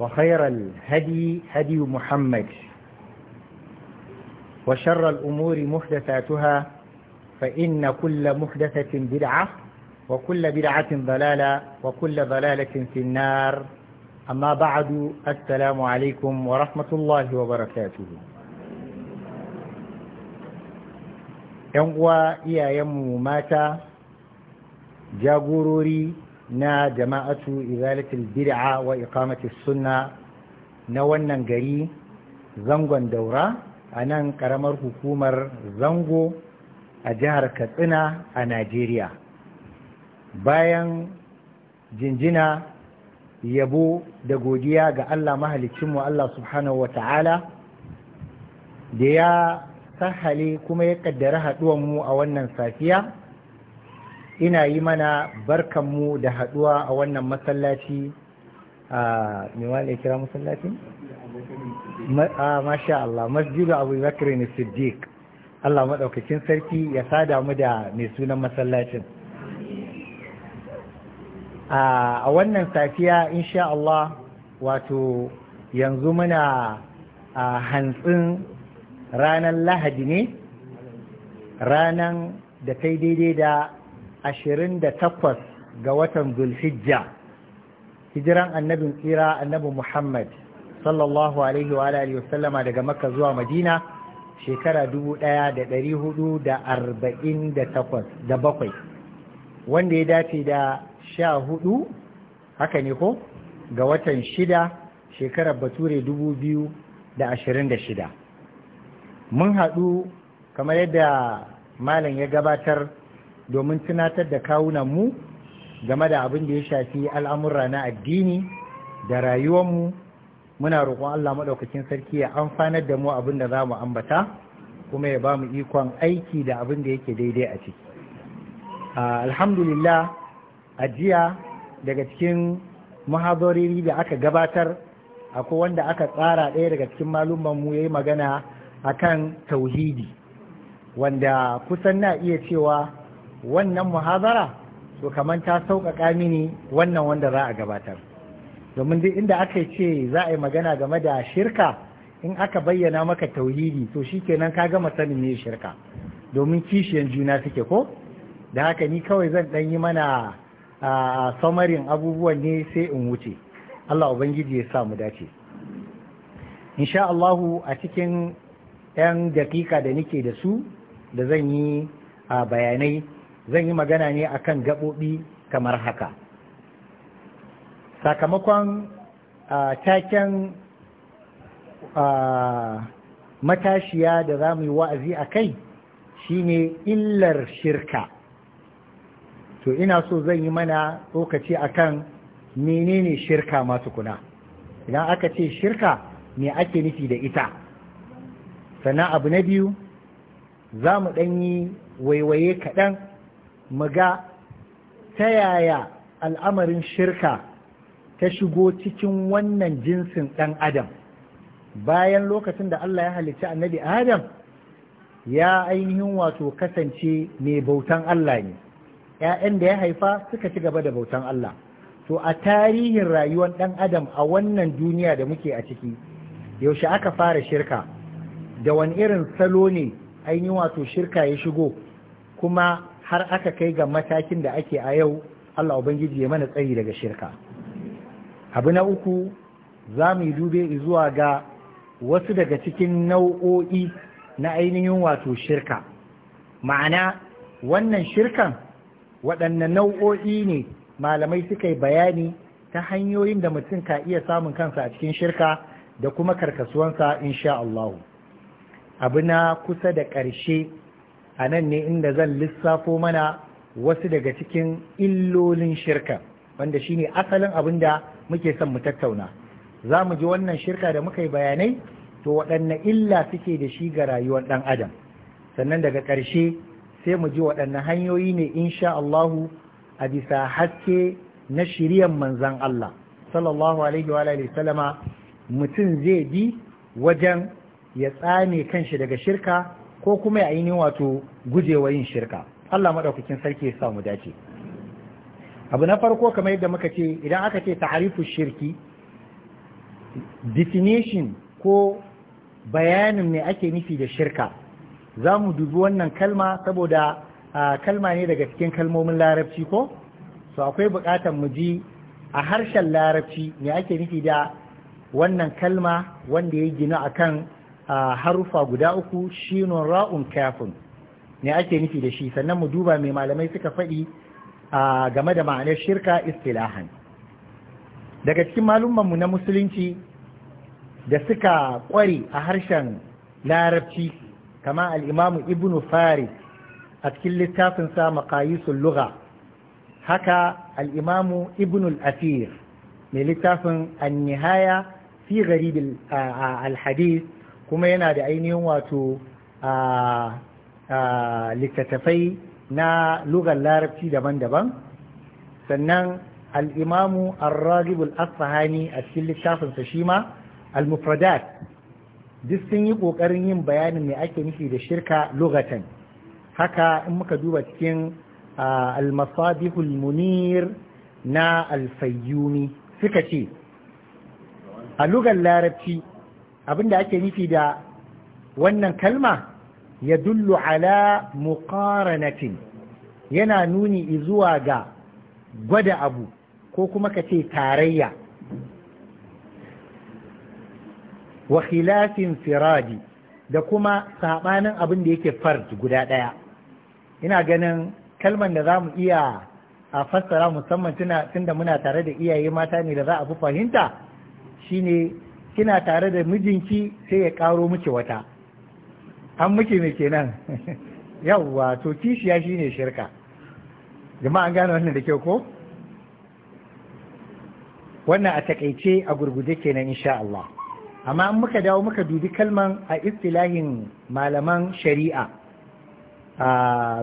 وخير الهدي هدي محمد وشر الأمور محدثاتها فإن كل محدثة بدعة وكل بدعة ضلالة وكل ضلالة في النار أما بعد السلام عليكم ورحمة الله وبركاته ‘Yan uwa iyayenmu ماتا جاغوروري na jama'atu izalatul bid'a wa iqamatis sunna na wannan gari zangon daura a nan karamar hukumar zango a jihar katsina a najeriya bayan jinjina yabo da godiya ga allah mahalicinmu allah subhanahu wa ta'ala da ya sahale kuma ya kaddara mu a wannan safiya ina yi mana barkanmu da haduwa a wannan masallaci a mewane kira masallacin? masha Allah masjidu abu bakar ne siddiq Allah maɗaukakin sarki ya sada mu da mai sunan masallacin a wannan safiya insha Allah wato yanzu muna a hantsin ranan lahadi ne ranan da ta daidai da ashirin da takwas ga watan zulhijja hijiran annabin tsira annabi muhammad sallallahu alaihi wa alihi sallama, daga makka zuwa madina shekara dubu ɗaya da ɗari hudu da arba'in da takwas da bakwai wanda ya dace da sha hudu haka ne ko ga watan shida shekarar bature dubu biyu da ashirin da shida mun haɗu kamar yadda malam ya gabatar domin tunatar da kawunan mu game da abin da ya shafi al'amura na addini da rayuwanmu muna roƙon Allah maɗaukakin sarki ya amfanar da mu abin da za mu ambata kuma ya ba mu ikon aiki da abin da yake daidai a ciki alhamdulillah a jiya daga cikin mahazoriri da aka gabatar akwai wanda aka tsara ɗaya daga cikin malumanmu ya yi magana akan tauhidi wanda kusan na iya cewa wannan muhazara to kamar ta sauƙaƙa mini wannan wanda za a gabatar domin duk inda aka ce za a yi magana game da shirka in aka bayyana maka tauhidi to shi shikenan ka gama sanin ne shirka domin kishiyan juna suke ko da haka ni kawai zan ɗan yi mana a samarin abubuwan ne sai in wuce Allah Ubangiji ya sa mu dace insha Allahu a cikin 'yan dakika da nike da su da zan yi bayanai zan yi magana ne a kan gaɓoɓi kamar haka sakamakon taken matashiya da za mu yi wa'azi a kai shi ne illar shirka to ina so zan yi mana tsokaci akan menene shirka masu kuna, idan aka ce shirka me ake nufi da ita sannan abu na biyu za mu ɗanyi waiwaye kaɗan mu ga ta yaya al'amarin shirka ta shigo cikin wannan jinsin ɗan adam bayan lokacin da Allah ya halicci annabi adam ya ainihin wato kasance mai bautan Allah ne ‘ya'yan da ya haifa suka ci gaba da bautan Allah to a tarihin rayuwar ɗan adam a wannan duniya da muke a ciki yaushe aka fara shirka da wani irin salo ne ainihin wato shirka ya shigo kuma har aka kai ga matakin da ake a yau Allah Ubangiji ya mana tsayi daga shirka abu na uku za mu yi dube zuwa ga wasu daga cikin nau'o'i na ainihin wato shirka ma'ana wannan shirkan waɗanne nau'o'i ne malamai suka yi bayani ta hanyoyin da mutum ka iya samun kansa a cikin shirka da kuma karkasuwansa insha Allah abu na kusa da ƙarshe a nan ne inda zan lissafo mana wasu daga cikin illolin shirka wanda shine asalin abin da muke son mu tattauna za mu ji wannan shirka da muka yi bayanai to waɗanne illa suke da shi ga rayuwar ɗan adam sannan daga ƙarshe sai mu ji waɗanne hanyoyi ne insha Allahu a bisa haske na shiryan manzan Allah sallallahu alaihi wa alihi sallama mutum zai bi wajen ya tsane kanshi daga shirka ko kuma ya ainihin wato gujewa yin shirka Allah madaukakin sarki ya sa mu dace abu na farko kamar yadda muka ce idan aka ce ta'arifu shirki definition ko bayanin ne ake nufi da shirka za mu dubi wannan kalma saboda kalma ne daga cikin kalmomin larabci ko so akwai buƙatar mu ji a harshen larabci ne ake nufi da wannan kalma wanda ya gina akan A harufa guda uku shinon ra'un kafin ne ake nufi da shi sannan mu duba mai malamai suka faɗi a game da ma'anar shirka istilahan daga cikin malumanmu na musulunci da suka ƙware a harshen larabci kama al'imamu ibnu faris a cikin littafinsa makayisun luga haka al'imamu ibnu al'afir mai littafin annihaya fi garibin al-hadith kuma yana da ainihin wato a littattafai na lugar larabci daban-daban sannan al'imamu al-ragib al-asfahani a cikin littafinsa shi ma al-mufradat duk sun yi ƙoƙarin yin bayanin mai ake nufi da shirka lugatan haka in muka duba cikin al-masabihul munir na alfayyumi, fayyumi suka ce a lugar larabci Abin da ake nufi da wannan kalma ya dullu ala muqaranatin yana nuni zuwa ga gwada abu ko kuma ka ce tarayya wa khilafin firadi da kuma saɓanin abin da yake fard guda ɗaya ina ganin kalman da za mu iya a fassara musamman tunda muna tare da iyaye mata ne da za a fi fahimta shine kina tare da mijinki sai ya karo miki wata an miki me kenan yawwa to kishiya shine shirka jama'a an gane wannan da kyau ko wannan a takaice a gurguje kenan insha Allah amma an muka dawo muka dubi kalman a istilahin malaman shari'a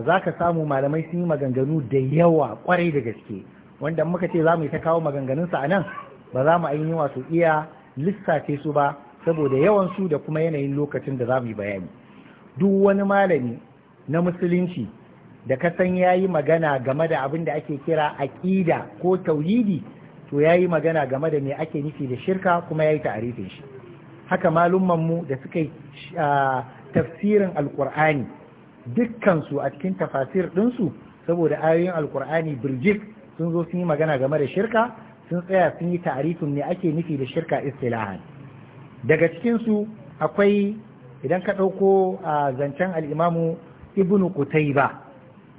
za ka samu malamai sun yi maganganu da yawa kwarai da gaske wanda muka ce za mu yi ta kawo maganganunsa a nan ba za mu ainihin wasu iya lissafe su ba saboda yawan su da kuma yanayin lokacin da za mu yi bayani duk wani malami na musulunci da ka san ya yi magana game da abin da ake kira aƙida ko tauhidi to ya yi magana game da me ake nufi da shirka kuma ya yi ta'arifin shi haka mu da suka yi tafsirin alkur'ani dukkansu a cikin tafasir ɗinsu saboda ayoyin alkur'ani birjik sun zo sun yi magana game da shirka sun tsaya sun yi ta'arifin ne ake nufi da shirka istilahan daga cikinsu akwai idan ka ɗauko a zancen al'imamu ibn Qutayba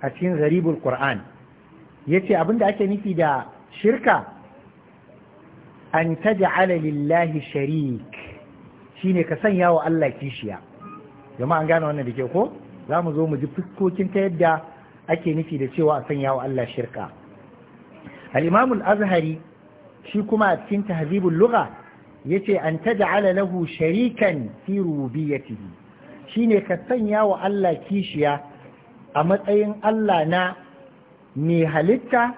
a cikin zaribul Ƙur'an. ya ce abinda ake nufi da shirka an taj'ala lillahi sharik shine ka sanya wa Allah kishiya jama'a an gane wannan da ke ko za mu zo mu ji fuskokin ta yadda ake nufi da cewa a sanya wa Allah shirka al al-azhari shi kuma a cikin tahzibul lugha yace an taj'ala lahu sharikan fi rububiyyatihi shine ka sanya wa Allah kishiya a matsayin Allah na mai halitta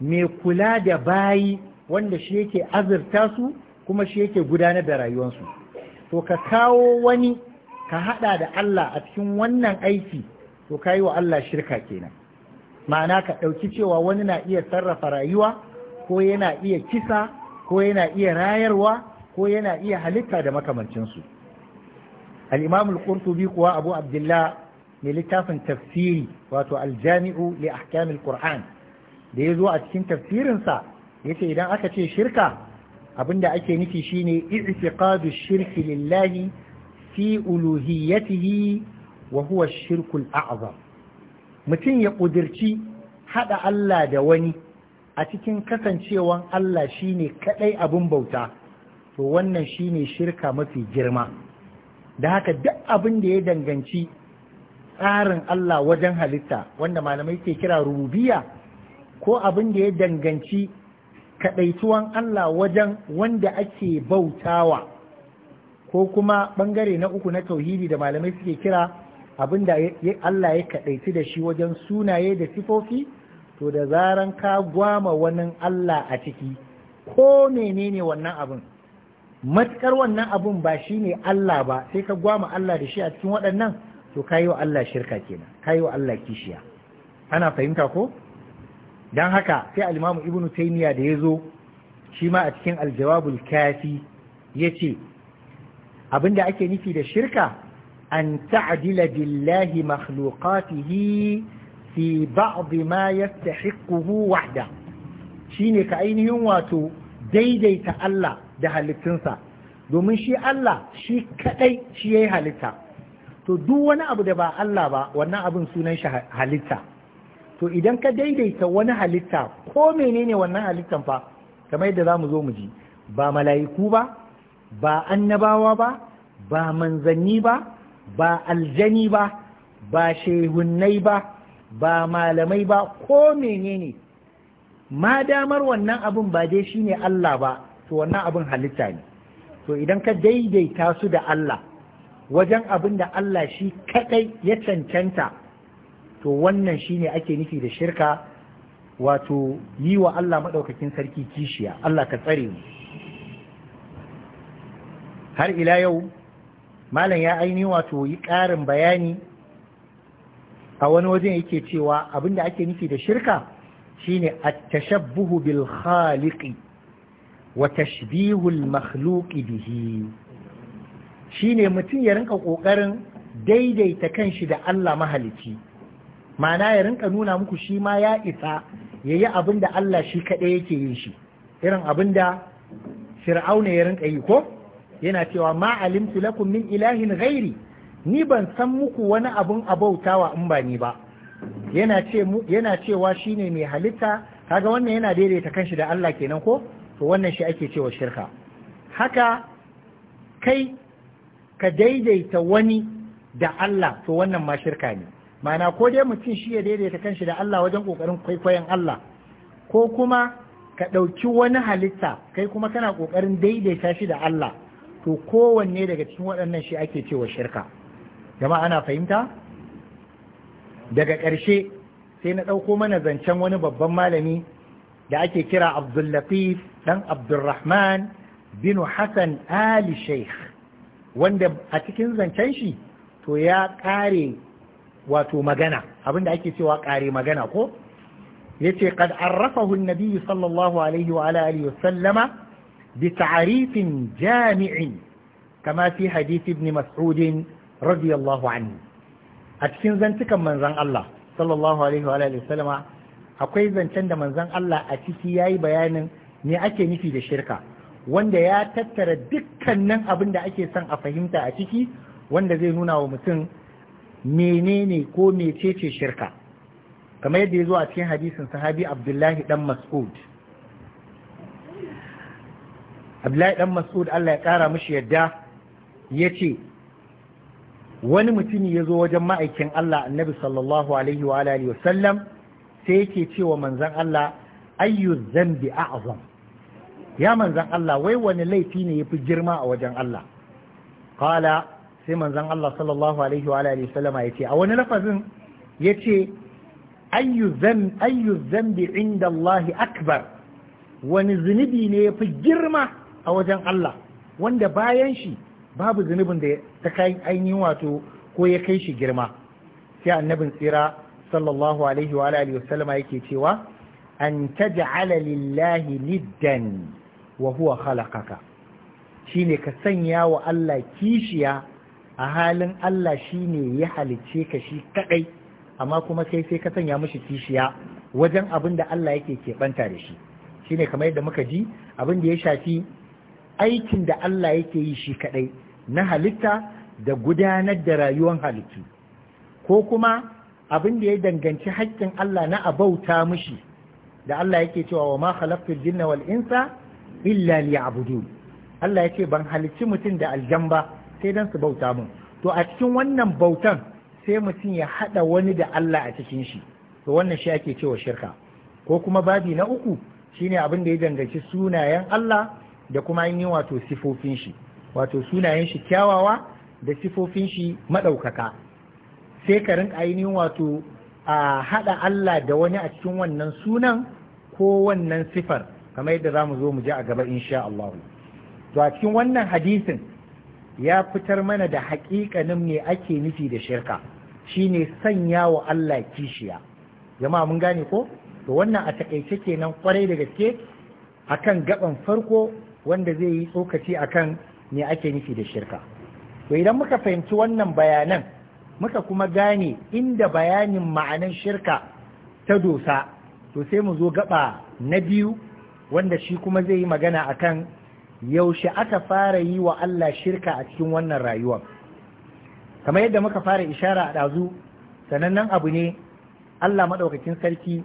mai kula da bayi wanda shi yake azurta su kuma shi yake gudanar da rayuwarsu to ka kawo wani ka hada da Allah a cikin wannan aiki to ka wa Allah shirka kenan ma'ana ka ɗauki cewa wani na iya sarrafa rayuwa ko yana iya kisa ko yana iya rayarwa ko yana iya halitta da makamancinsu alimamul imam kuwa abu abdullah ne littafin tafsiri wato aljami'u li ahkam quran da ya zo a cikin tafsirinsa ya ce idan aka ce shirka abinda ake nufi shine i'tiqadu shirki lillahi fi uluhiyatihi wa huwa shirkul shirku azam mutum ya kudirci hada Allah da wani a cikin kasancewan Allah shi ne kaɗai abin bauta to wannan shi ne shirka mafi girma da haka duk abin da ya danganci tsarin Allah wajen halitta wanda malamai ke kira rububiya ko abin da ya danganci kaɗaituwan Allah wajen wanda ake bautawa ko kuma bangare na uku na tauhidi da malamai suke kira abin da Allah ya kadaitu da shi wajen sunaye da sifofi to da zaran ka gwama wani Allah a ciki ko menene wannan abin matukar wannan abin ba shi ne Allah ba sai ka gwama Allah da shi a cikin waɗannan to ka yi wa Allah shirka kenan ka yi wa Allah kishiya ana fahimta ko don haka sai alimamu ibnu taimiya da ya zo shi ma a cikin aljawabul kafi ya ce abinda ake nufi da shirka an ta'adila billahi makhluqatihi fi ba'd ma yastahiquhu wahda shine ka ainihin wato daidaita Allah da halittunsa domin shi Allah shi kadai shi yayi halitta to duk wani abu da ba Allah ba wannan abin sunan shi halitta to idan ka daidaita wani halitta ko menene wannan halittan fa kamar yadda zamu zo mu ji ba mala'iku ba ba annabawa ba ba manzanni ba ba aljani ba ba shehunnai ba ba malamai ba ko menene ma damar wannan abin ba dai shine Allah ba to wannan abin halitta ne to idan ka daidaita su da Allah wajen abin da Allah shi kadai ya cancanta to wannan shine ake nufi da shirka wato yi wa Allah maɗaukakin sarki kishiya Allah ka tsare mu har ila yau malam ya aini wato yi ƙarin bayani a wani wajen yake cewa abinda ake nufi da shirka shine a tashabbuhu bil khaliqi wa tashbihul makhluqi bihi shine mutum ya rinka kokarin daidaita kanshi da Allah mahalici ma'ana ya rinka nuna muku shi ma ya isa yayi abin da Allah shi kaɗai yake yin shi irin abin da fir'auna ya rinka yi ko yana cewa ma alimtu lakum min ilahin ghairi ni ban san muku wani abun abautawa in ba ni ba yana ce yana cewa shine mai halitta kaga wannan yana daidaita kanshi da Allah kenan ko to wannan shi ake cewa shirka haka kai ka daidaita wani da Allah to wannan ma shirka ne mana ko dai mutum shi ya daidaita kanshi da Allah wajen kokarin kwaikwayon Allah ko kuma ka ɗauki wani halitta kai kuma kana kokarin daidaita shi da Allah to kowanne daga cikin waɗannan shi ake cewa shirka Gama ana fahimta daga ƙarshe sai na ɗauko mana zancen wani babban malami da ake kira abdullatif ɗan abdulrahman binu hassan ali sheikh wanda a cikin zancen shi to ya ƙare wato magana abinda ake cewa ƙare magana ko ya ce kad arrafahu nabi sallallahu alaihi wa alihi wasallama bi ta'arifin jami'in kama fi hadith ibn mas'udin radiyallahu anhu a cikin zantukan manzon Allah sallallahu alaihi wa alihi sallama akwai zancen da manzon Allah a ciki yayi bayanin me ake nufi da shirka wanda ya tattara dukkanin abin da ake son a fahimta a ciki wanda zai nuna wa mutum menene ko mecece shirka kamar yadda ya zo a cikin hadisin sahabi abdullahi dan mas'ud abdullahi dan mas'ud Allah ya kara mishi yadda ya ce wani mutumi ya zo wajen ma'aikin Allah annabi sallallahu alaihi wa alihi wa sallam sai yake cewa manzan Allah ayyu dhanbi a'zam ya manzan Allah wai wani laifi ne yafi girma a wajen Allah qala sai manzan Allah sallallahu alaihi wa alihi wa sallama yace a wani lafazin yace ayyu dhanbi ayyu dhanbi inda Allah akbar wani zunubi ne yafi girma a wajen Allah wanda bayan shi babu zunubin da ta kai ainihin wato ko ya kai shi girma sai annabin tsira sallallahu alaihi wa alihi wasallama yake cewa an taj'ala lillahi niddan wa huwa khalaqaka shine ka sanya wa Allah kishiya a halin Allah shine ya halicce ka shi kadai amma kuma kai sai ka sanya mishi kishiya wajen abin da Allah yake keɓanta da shi shine kamar yadda muka ji abin da ya shafi aikin da Allah yake yi shi kadai na halitta da gudanar da rayuwar halittu ko kuma abin da ya danganci haƙƙin Allah na abauta mushi da Allah yake cewa wa ma khalaqtul jinna wal insa illa liya'budun Allah yake ban halicci mutum da aljan sai dan su bauta mun to a cikin wannan bautan sai mutum ya hada wani da Allah a cikin shi to wannan shi ake cewa shirka ko kuma babi na uku shine abin da ya danganci sunayen Allah da kuma yin wato sifofin shi wato sunayen shi kyawawa da sifofin shi maɗaukaka sai ka rinka ainihin wato a haɗa Allah da wani a cikin wannan sunan ko wannan sifar kamar yadda za mu zo mu ji a gaba insha Allah to a cikin wannan hadisin ya fitar mana da haƙiƙanin me ake nufi da shirka shine sanya wa Allah kishiya jama'a mun gane ko to wannan a takaice kenan kwarai da gaske akan gaban farko wanda zai yi tsokaci akan ne ake nufi da shirka to idan muka fahimci wannan bayanan muka kuma gane inda bayanin ma'anan shirka ta dosa to sai mu zo gaba na biyu wanda shi kuma zai yi magana akan yaushe aka fara yi wa Allah shirka a cikin wannan rayuwa kamar yadda muka fara ishara a ɗazu sanannen abu ne Allah maɗaukakin sarki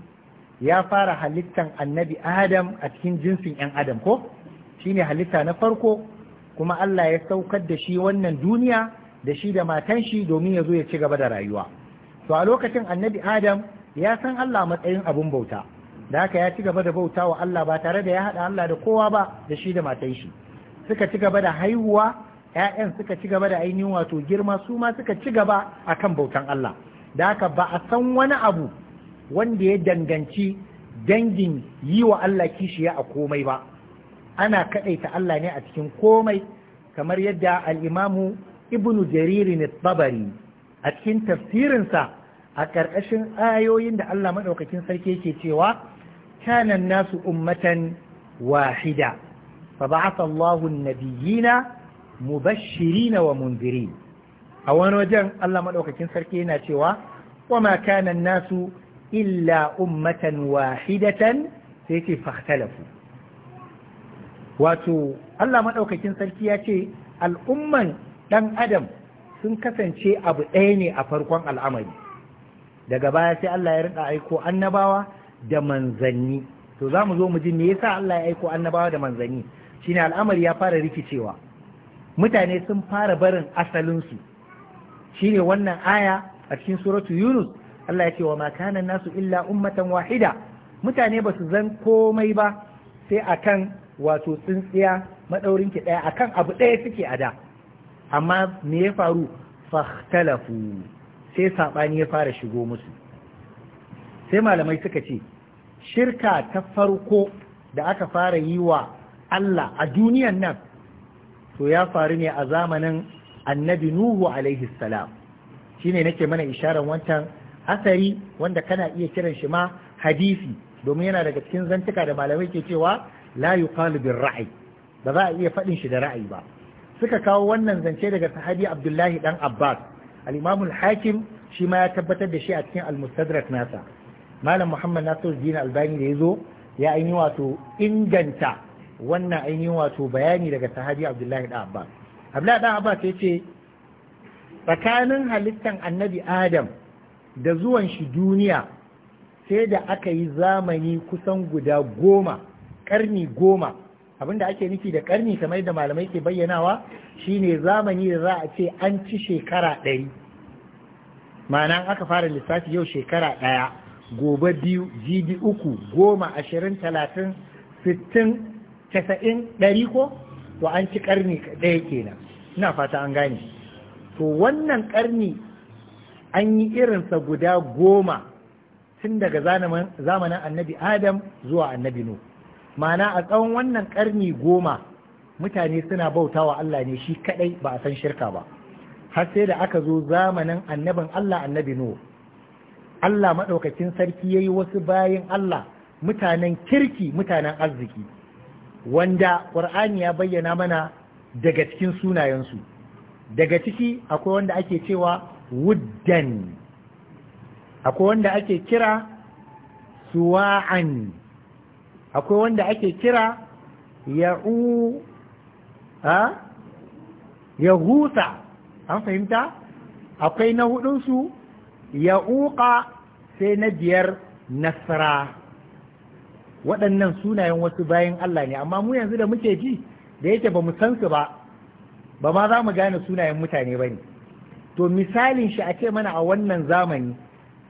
ya fara halittan annabi Adam a cikin jinsin ‘yan Adam ko shi ne halitta na farko kuma Allah ya saukar da shi wannan duniya da shi da matan shi domin ya zo ya ci gaba da rayuwa to a lokacin annabi adam ya san Allah matsayin abun bauta da haka ya ci gaba da bauta wa Allah ba tare da ya haɗa Allah da kowa ba da shi da matan shi suka ci gaba da haihuwa ‘ya'yan suka ci gaba da ainihin wato girma su ma suka ci gaba akan bautan Allah da haka ba a san wani abu wanda ya danganci dangin yi wa Allah kishiya a komai ba ana kaɗaita Allah ne a cikin komai kamar yadda al'imamu ibnu jaririn tabari a cikin tafsirinsa a ƙarƙashin ayoyin da Allah maɗaukakin sarki yake cewa kanan nasu ummatan wahida fa ba'atha Allahu nabiyina mubashirina wa munzirin a wani wajen Allah maɗaukakin sarki yana cewa "Kuma kanan nasu illa ummatan wahidatan sai ce fahtalafu wato Allah maɗaukakin sarki ya ce al'umman ɗan adam sun kasance abu ɗaya ne a farkon al'amari daga baya sai Allah ya rika aiko annabawa da manzanni to za mu zo mu ji me yasa Allah ya aiko annabawa da manzanni shine al'amari ya fara rikicewa mutane sun fara barin asalinsu shine wannan aya a cikin suratu yunus Allah ya ce wa ma kana nasu illa ummatan wahida mutane ba su zan komai ba sai a kan wato tsintsiya madaurin ki a kan abu ɗaya suke a da amma me ya faru fahtalafu sai saɓani ya fara shigo musu sai malamai suka ce shirka ta farko da aka fara yi wa Allah a duniyan nan to ya faru ne a zamanin annabi Nuhu alaihi salam shine nake mana isharar wancan asari wanda kana iya kiran shi ma hadisi domin yana daga cikin zantuka da malamai ke cewa la yuqalu ra'ai ra'ayi ba za a iya faɗin shi da ra'ayi ba suka kawo wannan zance daga sahabi Abdullahi dan Abbas al hakim shi ma ya tabbatar da shi a cikin al nasa Malam Muhammad Nasiruddin Albani da zo ya ainihin wato inganta wannan ainihin wato bayani daga sahabi Abdullahi dan Abbas Abdullahi dan Abbas ya ce tsakanin halittan Annabi Adam da zuwan shi duniya sai da aka yi zamani kusan guda goma karni goma abinda ake nufi da karni kamar da malamai ke bayyanawa shine zamani da za a ce an ci shekara ɗari ma'ana aka fara lissafi yau shekara ɗaya gobe biyu jibi uku goma ashirin talatin sittin casa'in ɗari ko to an ci karni ɗaya kenan ina fata an gane to wannan karni an yi irinsa guda goma tun daga zamanin annabi adam zuwa annabi nu ma'ana a tsawon wannan karni goma mutane suna bauta wa Allah ne shi kadai ba a san shirka ba har sai da aka zo zamanin annabin Allah annabi nu Allah maɗaukacin sarki ya yi wasu bayan Allah mutanen kirki mutanen arziki wanda ƙur'ani ya bayyana mana daga cikin sunayensu daga ciki akwai wanda ake cewa wuddan akwai wanda ake kira suwa'an akwai wanda ake kira ya'u ya huta an fahimta akwai na hudunsu ya'uqa sai na biyar nasara waɗannan sunayen wasu bayan Allah ne amma mu yanzu da muke ji da yake ba mu san su ba ba ma za mu gane sunayen mutane ba ne to misalin shi a mana a wannan zamani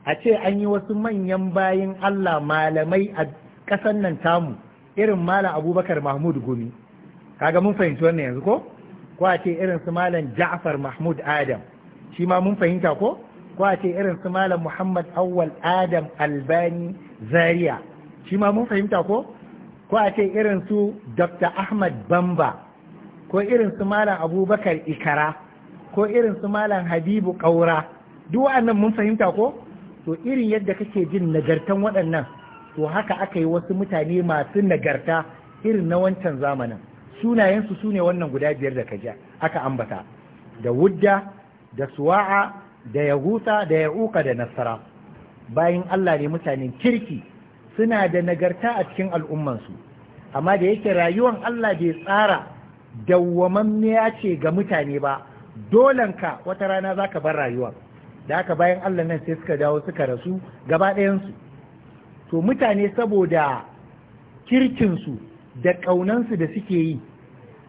a ce an yi wasu manyan bayin Allah malamai a ƙasan nan tamu irin malam abubakar mahmud gumi kaga mun fahimci wannan yanzu ko ko a ce irin su malam ja'far mahmud adam shi ma mun fahimta ko ko a ce irin su malam muhammad awwal adam albani zaria shi ma mun fahimta ko ko a ce irin su dr ahmad bamba ko irin su malam abubakar ikara ko irin su malam habibu kaura duk wa'annan mun fahimta ko to irin yadda kake jin nagartan waɗannan to haka aka yi wasu mutane masu nagarta irin na wancan zamanin sunayensu su ne wannan guda biyar da kaji aka ambata da wudda da suwa'a da yahusa da ya'uka da nasara bayan Allah ne mutanen kirki suna da nagarta a cikin al'ummansu amma da yake rayuwan Allah bai tsara dawwamammiya ce ga mutane ba dolanka wata rana za ka bar rayuwa da aka bayan Allah nan sai suka dawo suka rasu gaba ɗayansu to mutane saboda kirkinsu da ƙaunansu da suke yi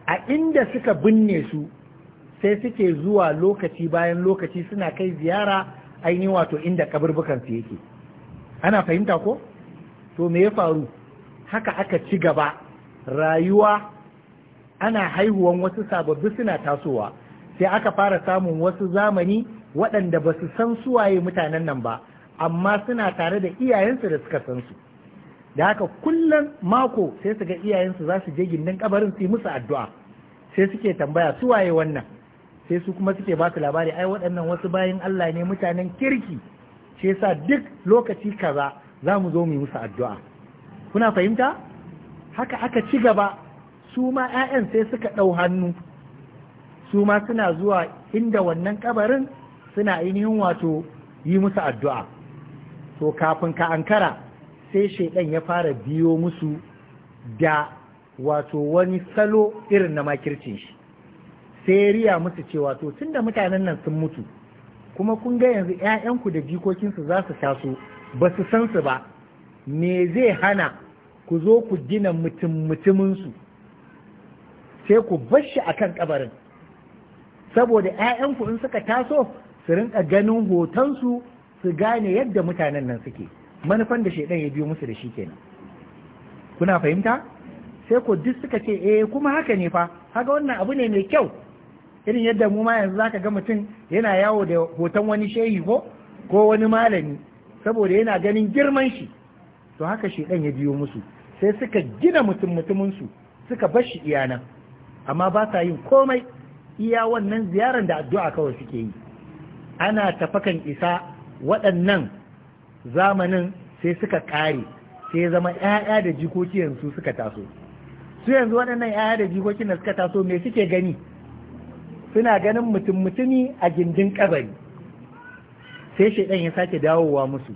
a inda suka binne su sai suke zuwa lokaci bayan lokaci suna kai ziyara ainihi wato inda kaburbukansu yake ana fahimta ko to me ya faru haka aka ci gaba rayuwa ana haihuwan wasu sababbi suna tasowa sai aka fara samun wasu zamani waɗanda ba su san suwaye mutanen nan ba amma suna tare da iyayensu da suka san su da haka kullum mako sai su ga iyayensu za su je gindin kabarin su yi musu addu'a sai suke tambaya suwaye wannan sai su kuma suke ba su labari ai waɗannan wasu bayan Allah ne mutanen kirki sai sa duk lokaci kaza za mu zo mu yi musu addu'a kuna fahimta haka aka ci gaba su ma 'ya'yan sai suka ɗau hannu su ma suna zuwa inda wannan kabarin suna ainihin wato yi musu addu'a to kafin ka ankara sai shaidan ya fara biyo musu da wato wani salo irin na makircin shi sai riya musu cewa to tunda mutanen nan sun mutu kuma kun ga yanzu 'ya'yanku da jikokinsu za su taso ba su san su ba me zai hana ku zo ku gina mutum mutuminsu sai ku bar shi kan kabarin saboda 'ya'yanku in suka taso su rinka ganin hotonsu su gane yadda mutanen nan suke manufan da shaidan ya biyo musu da shi kenan kuna fahimta sai ko duk suka ce eh kuma haka ne fa haka wannan abu ne mai kyau irin yadda mu ma yanzu zaka ga mutum yana yawo da hoton wani shehi ko ko wani malami saboda yana ganin girman shi to haka shaidan ya biyo musu sai suka gina mutum mutumin su suka bar shi iyana amma ba sa yin komai iya wannan ziyaran da addu'a kawai suke yi ana tafakan isa waɗannan zamanin sai suka ƙare sai zama 'ya'ya da jikoki yanzu suka taso su yanzu waɗannan 'ya'ya da jikokin da suka taso me suke gani suna ganin mutum mutumi a gindin kabari sai shaidan ya sake dawowa musu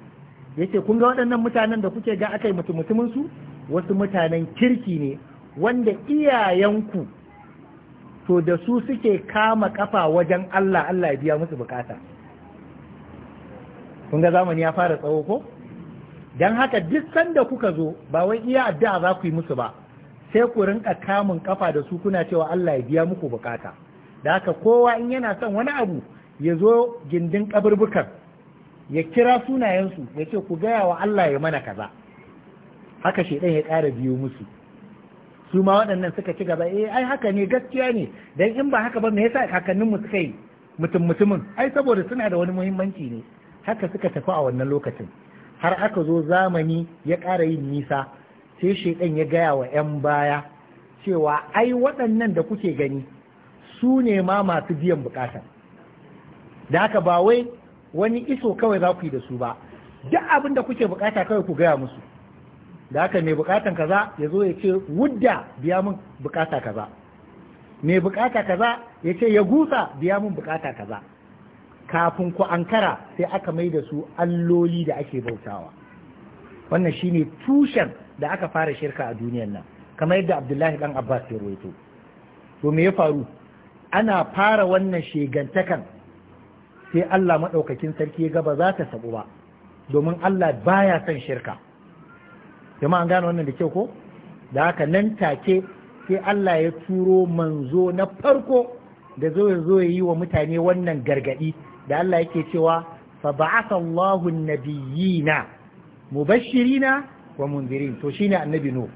yace kun ga waɗannan mutanen da kuke ga akai mutum mutumin su wasu mutanen kirki ne wanda iyayenku to da su suke kama kafa wajen Allah Allah ya biya musu bukata kun ga zamani ya fara tsawo ko dan haka duk sanda kuka zo ba wai iya addu'a za ku yi musu ba sai ku rinka kamun kafa da su kuna cewa Allah ya biya muku bukata da haka kowa in yana son wani abu ya zo gindin kaburbukan ya kira sunayensu ya ce ku gaya wa Allah ya mana kaza haka shaidan ya ƙara biyo musu su ma waɗannan suka ci gaba eh ai haka ne gaskiya ne dan in ba haka ba me yasa kakanninmu suka yi mutum mutumin ai saboda suna da wani muhimmanci ne haka suka tafi a wannan lokacin har aka zo zamani ya ƙara yin nisa sai shaidan ya gaya wa 'yan baya cewa ai waɗannan da kuke gani su ne ma masu biyan bukata da haka ba wai wani iso kawai za ku yi da su ba duk abin da kuke bukata kawai ku gaya musu da haka mai bukatan kaza ya zo ya ce wudda biya min bukata kaza mai bukata kaza ya ce ya gusa biya min bukata kaza kafin ku ankara sai aka mai da su alloli da ake bautawa wannan shine tushen da aka fara shirka a duniyar nan kamar yadda abdullahi dan abbas ya rawaito to me ya faru ana fara wannan shegantakan sai allah maɗaukakin sarki ya gaba za ta sabu ba domin allah baya son shirka jama'a an gane wannan da kyau ko da haka nan take sai allah ya turo manzo na farko da zo ya zo ya yi wa mutane wannan gargaɗi da Allah yake cewa fa ba'atha Allahu an-nabiyina mubashirina wa Mundirin to shine annabi no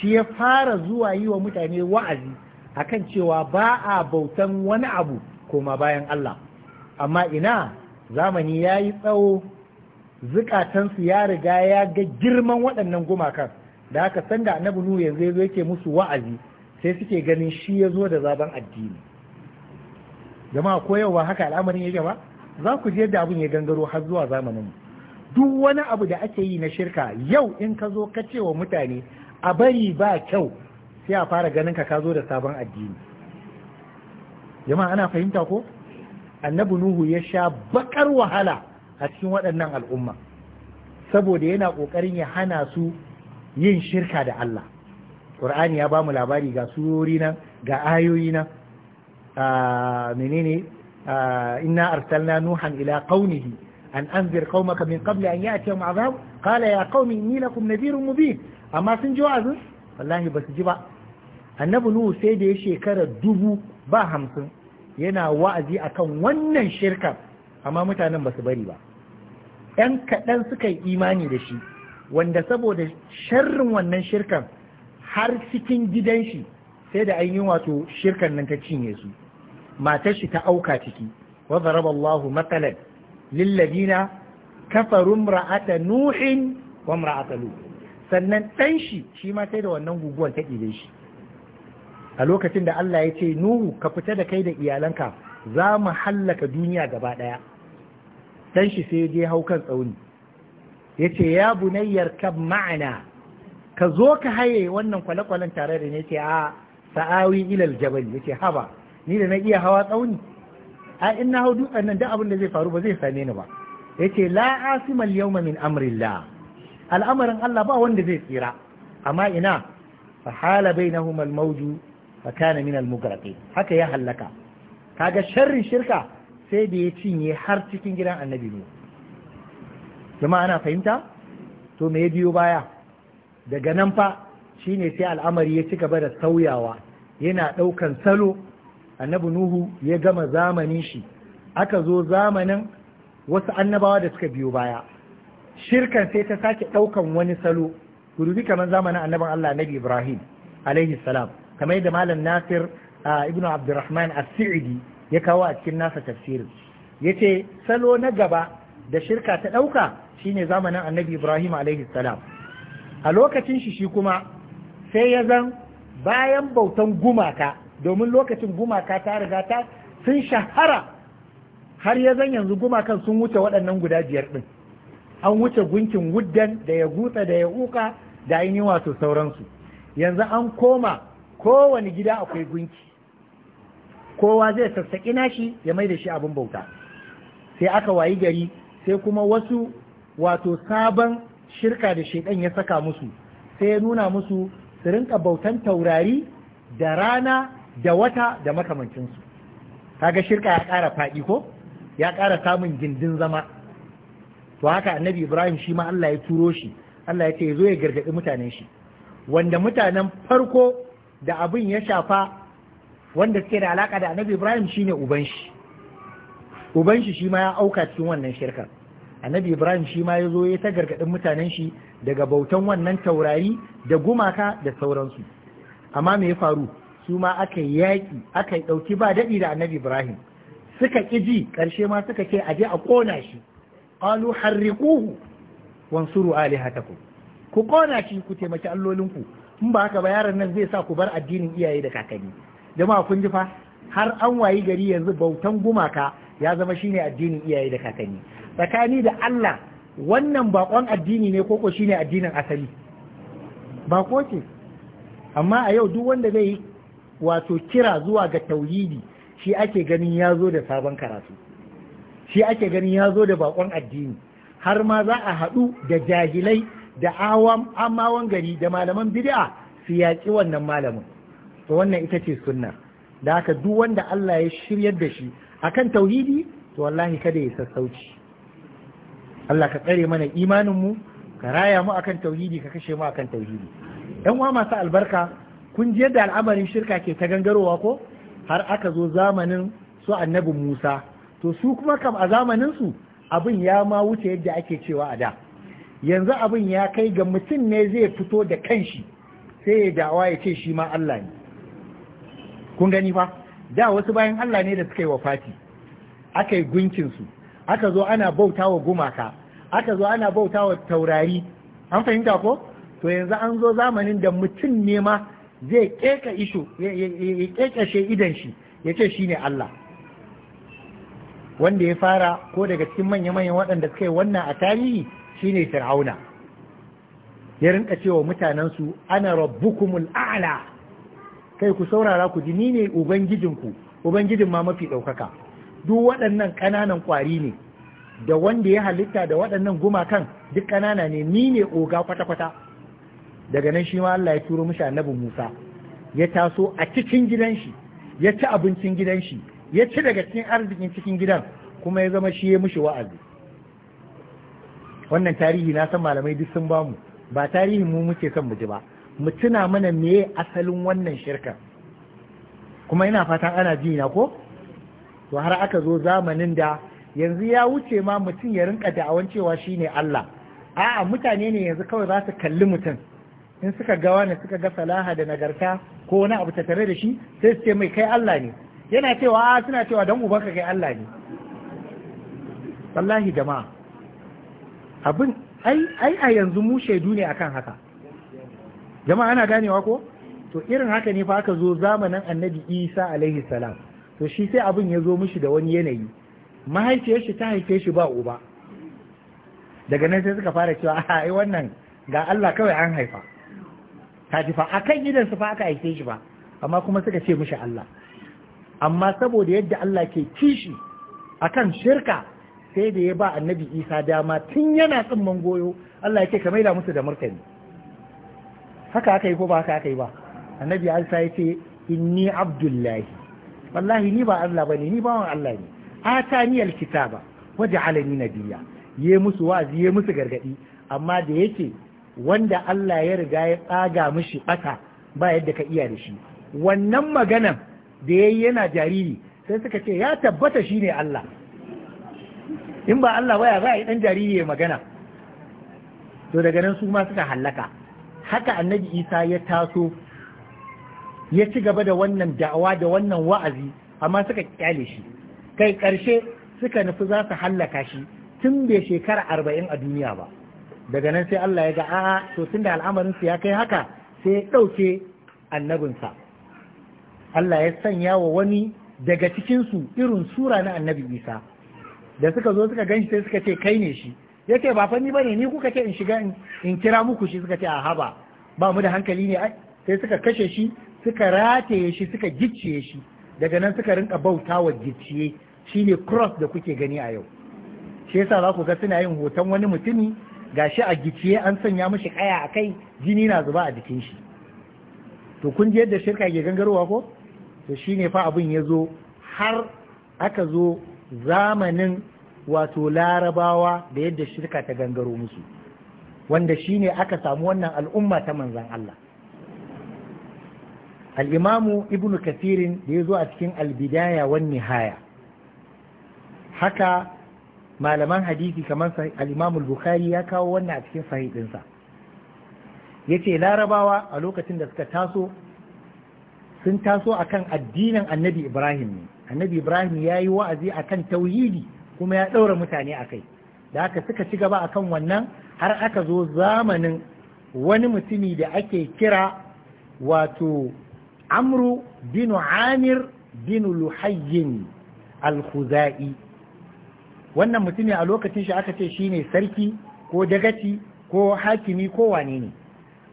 shi ya fara zuwa yi wa mutane wa'azi akan cewa ba a bautan wani abu koma bayan Allah amma ina zamani ya yi tsawo zukatansu ya riga ya ga girman waɗannan gumakan da aka sanda annabi nu yanzu yake musu wa'azi sai suke ganin shi ya zo da zaben addini jama'a ko yau ba haka al'amarin yake ba za ku je da abin ya gangaro har zuwa zamanin duk wani abu da ake yi na shirka yau in ka zo ka ce wa mutane a bari ba kyau sai a fara ganin ka ka zo da sabon addini jama'a ana fahimta ko annabi nuhu ya sha bakar wahala a cikin waɗannan al'umma saboda yana ƙoƙarin ya hana su yin shirka da Allah ƙur'ani ya ba mu labari ga surori nan ga ayoyi nan menene inna arsalna nuhan ila qaumihi an anzir qaumaka min qabli an ya'tiyahum azab qala ya qaumi inni lakum nadhirun mubin amma sun ji wa'azin wallahi ba su ji ba annabi nuhu sai da ya shekara dubu ba hamsin yana wa'azi akan wannan shirka amma mutanen ba su bari ba ‘yan kaɗan suka yi imani da shi wanda saboda sharrin wannan shirkan har cikin gidan shi sai da ainihin wato shirkan nan ta cinye su matar shi ta auka ciki wa zaraba Allahu matalan lil ladina kafaru nuhin wa imra'ata sannan ɗan shi shi ma sai da wannan guguwar ta ɗibe shi a lokacin da Allah ya ce nuhu ka fita da kai da iyalanka za mu hallaka duniya gaba ɗaya Ɗan shi sai je hau kan tsauni ya ce ya bunayyar ka ma'ana ka zo ka haye wannan kwale-kwalen tare da ne ce a sa'awi ilal jabal ya ce haba ni da na iya hawa tsauni a in na hau dutsen nan da abin da zai faru ba zai same ni ba yace la asimal yawma min amrillah al'amarin Allah ba wanda zai tsira amma ina fa hala na al mawju fa kana min al haka ya hallaka kaga sharrin shirka sai da ya cinye har cikin gidan annabi ne jama'a ana fahimta to me ya biyo baya daga nan fa shine sai al'amari ya ci gaba da sauyawa yana ɗaukan salo annabi nuhu ya gama zamanin shi aka zo zamanin wasu annabawa da suka biyo baya shirkan sai ta sake ɗaukan wani salo ku kamar zamanin annaban Allah nabi Ibrahim alaihi salam kamar yadda malam Nasir ibnu Abdurrahman As-Sa'idi ya kawo a cikin nasa tafsirin yace salo na gaba da shirka ta ɗauka shine zamanin annabi Ibrahim alaihi salam a lokacin shi shi kuma sai ya zan bayan bautan gumaka domin lokacin gumaka ta riga ta sun shahara har ya zan yanzu gumakan sun wuce waɗannan guda biyar ɗin an wuce gunkin wuddan da ya gutsa da ya uka da ainihin wato sauransu yanzu an koma kowane gida akwai gunki kowa zai sassaƙi nashi ya mai da shi abin bauta sai aka wayi gari sai kuma wasu wato sabon shirka da shaidan ya saka musu sai ya nuna musu su rinka bautan taurari da rana da wata da makamancinsu kaga shirka ya ƙara faɗi ko ya ƙara samun gindin zama to haka annabi ibrahim shi ma allah ya turo shi allah ya ce ya zo ya gargaɗi mutanen shi wanda mutanen farko da abin ya shafa wanda suke da alaka da annabi ibrahim shine uban shi uban shi shi ma ya auka cikin wannan shirka. annabi ibrahim shi ma ya zo ya ta gargaɗin mutanen shi daga bautan wannan taurari da gumaka da sauransu amma me ya faru su ma aka yaƙi aka ɗauki ba daɗi da annabi ibrahim suka ƙi ji ƙarshe ma suka ce aje a ƙona shi qalu harriquhu wansuru alihatakum ku ƙona shi ku taimaki allolinku in ba haka ba yaron nan zai sa ku bar addinin iyaye da kakanni jama'a kun ji fa har an wayi gari yanzu bautan gumaka ya zama shine addinin iyaye da kakanni tsakani da Allah wannan bakon addini ne koko shine addinin asali ko ce amma a yau duk wanda zai yi wato kira zuwa ga tauhidi shi ake ganin ya zo da sabon karatu shi ake ganin ya zo da bakon addini har ma za a haɗu da jahilai da awam amawan gari da malaman bid'a su yaƙi wannan malamin to wannan ita ce sunna da haka duk wanda Allah ya shiryar da shi akan tauhidi to wallahi kada ya sassauci Allah ka tsare mana imanin mu ka raya mu akan tauhidi ka kashe mu akan tauhidi yan uwa masu albarka kun ji yadda al'amarin shirka ke ta gangarowa ko har aka zo zamanin su annabi Musa to su kuma kam a zamanin su abin ya ma wuce yadda ake cewa a da yanzu abin ya kai ga mutum ne zai fito da kanshi sai ya da'awa ya ce shi ma Allah ne kun gani fa da wasu bayan Allah ne da suka yi wa fati aka yi gunkinsu aka zo ana bauta wa gumaka aka zo ana bauta wa taurari an fahimta ko to yanzu an zo zamanin da mutum ne ma zai keka isho ya kekashe idan shi ya ce shi ne Allah wanda ya fara ko daga cikin manya-manyan waɗanda suka yi wannan a tarihi shine fir'auna ya rinka cewa mutanensu ana rabbukumul a'la kai ku saurara ku ji ni ne ubangijinku ubangijin ma mafi ɗaukaka duk waɗannan ƙananan ƙwari ne da wanda ya halitta da waɗannan gumakan duk ƙanana ne ni ne oga kwata-kwata daga nan shi ma Allah ya turo mishi annabi Musa ya taso a cikin gidan shi ya ci abincin gidan shi ya ci daga cikin arzikin cikin gidan kuma ya zama shi ya mishi wa'azi wannan tarihi na san malamai duk sun bamu ba tarihin mu muke son mu ji ba mu tuna mana meye asalin wannan shirka kuma ina fatan ana ji na ko to har aka zo zamanin da yanzu ya wuce ma mutum ya rinka da'awan cewa shine Allah a'a mutane ne yanzu kawai za su kalli mutum in suka gawa ne suka ga salaha da nagarta ko wani abu ta tare da shi sai su ce mai kai Allah ne yana cewa a ah, suna cewa don ubanka kai Allah ne wallahi jama'a abin ai a yanzu mu shaidu ne akan haka jama'a ana ganewa ko to irin haka ne fa aka zo zamanin annabi isa alaihi salam to shi sai abin ya zo mishi da wani yanayi mahaifiyar shi ta haife shi ba uba daga nan sai suka fara cewa a ah, ai wannan ga Allah kawai an haifa ta ji fa kan idan su fa aka haife shi ba amma kuma suka ce mishi Allah amma saboda yadda Allah ke kishi akan shirka sai da ya ba annabi Isa dama tun yana tsimman goyo Allah yake ka da musu da martani haka aka yi ko ba haka aka yi ba annabi Isa ya ce inni abdullahi wallahi ni ba Allah bane ni bawan Allah ne atani alkitaba waja'alani nabiyya yayi musu wazi ya musu gargadi amma da yake wanda Allah ya riga ya tsaga mishi ɓata, ba yadda ka iya da shi wannan maganan da ya yi yana jariri sai suka ce ya tabbata shi ne Allah in ba Allah baya za a yi ɗan jariri ya magana to daga nan su ma suka hallaka haka annabi Isa ya taso ya ci gaba da wannan da'awa da wannan wa'azi amma suka kyale shi kai ƙarshe suka nufi za su hallaka shi tun bai shekara arba'in a duniya ba daga nan sai Allah ya ga a'a to tunda al'amarin su ya kai haka sai ya ɗauke annabinsa Allah ya sanya wa wani daga cikin su irin sura na annabi Isa da suka zo suka ganshi sai suka ce kai ne shi ya ce ba fanni bane ni kuka ce in shiga in kira muku shi suka ce a haba ba mu da hankali ne sai suka kashe shi suka rataye shi suka gicciye shi daga nan suka rinka bauta wa gicciye shine cross da kuke gani a yau shi yasa za ku ga suna yin hoton wani mutumi gashi a gicciye an sanya mashi kaya a kai jini na zuba a jikin shi to kun ji yadda shirka ke gangarowa ko to shine fa abin ya zo har aka zo zamanin wato larabawa da yadda shirka ta gangaro musu wanda shine aka samu wannan al'umma ta manzan Allah al'imamu ibnu kasirin da ya zo a cikin albidaya wani haya, haka malaman hadisi kamar al-Imam al-Bukhari ya kawo wannan a cikin sahih ɗinsa yace larabawa a lokacin da suka taso sun taso akan addinin annabi Ibrahim ne annabi Ibrahim ya yi wa'azi akan tauhidi kuma ya ɗaura mutane a kai da haka suka ci gaba akan wannan har aka zo zamanin wani mutumi da ake kira wato amru binu amir binu luhayyin al-khuzai wannan mutumin a lokacin shi aka ce shi ne sarki ko dagaci ko hakimi ko wane ne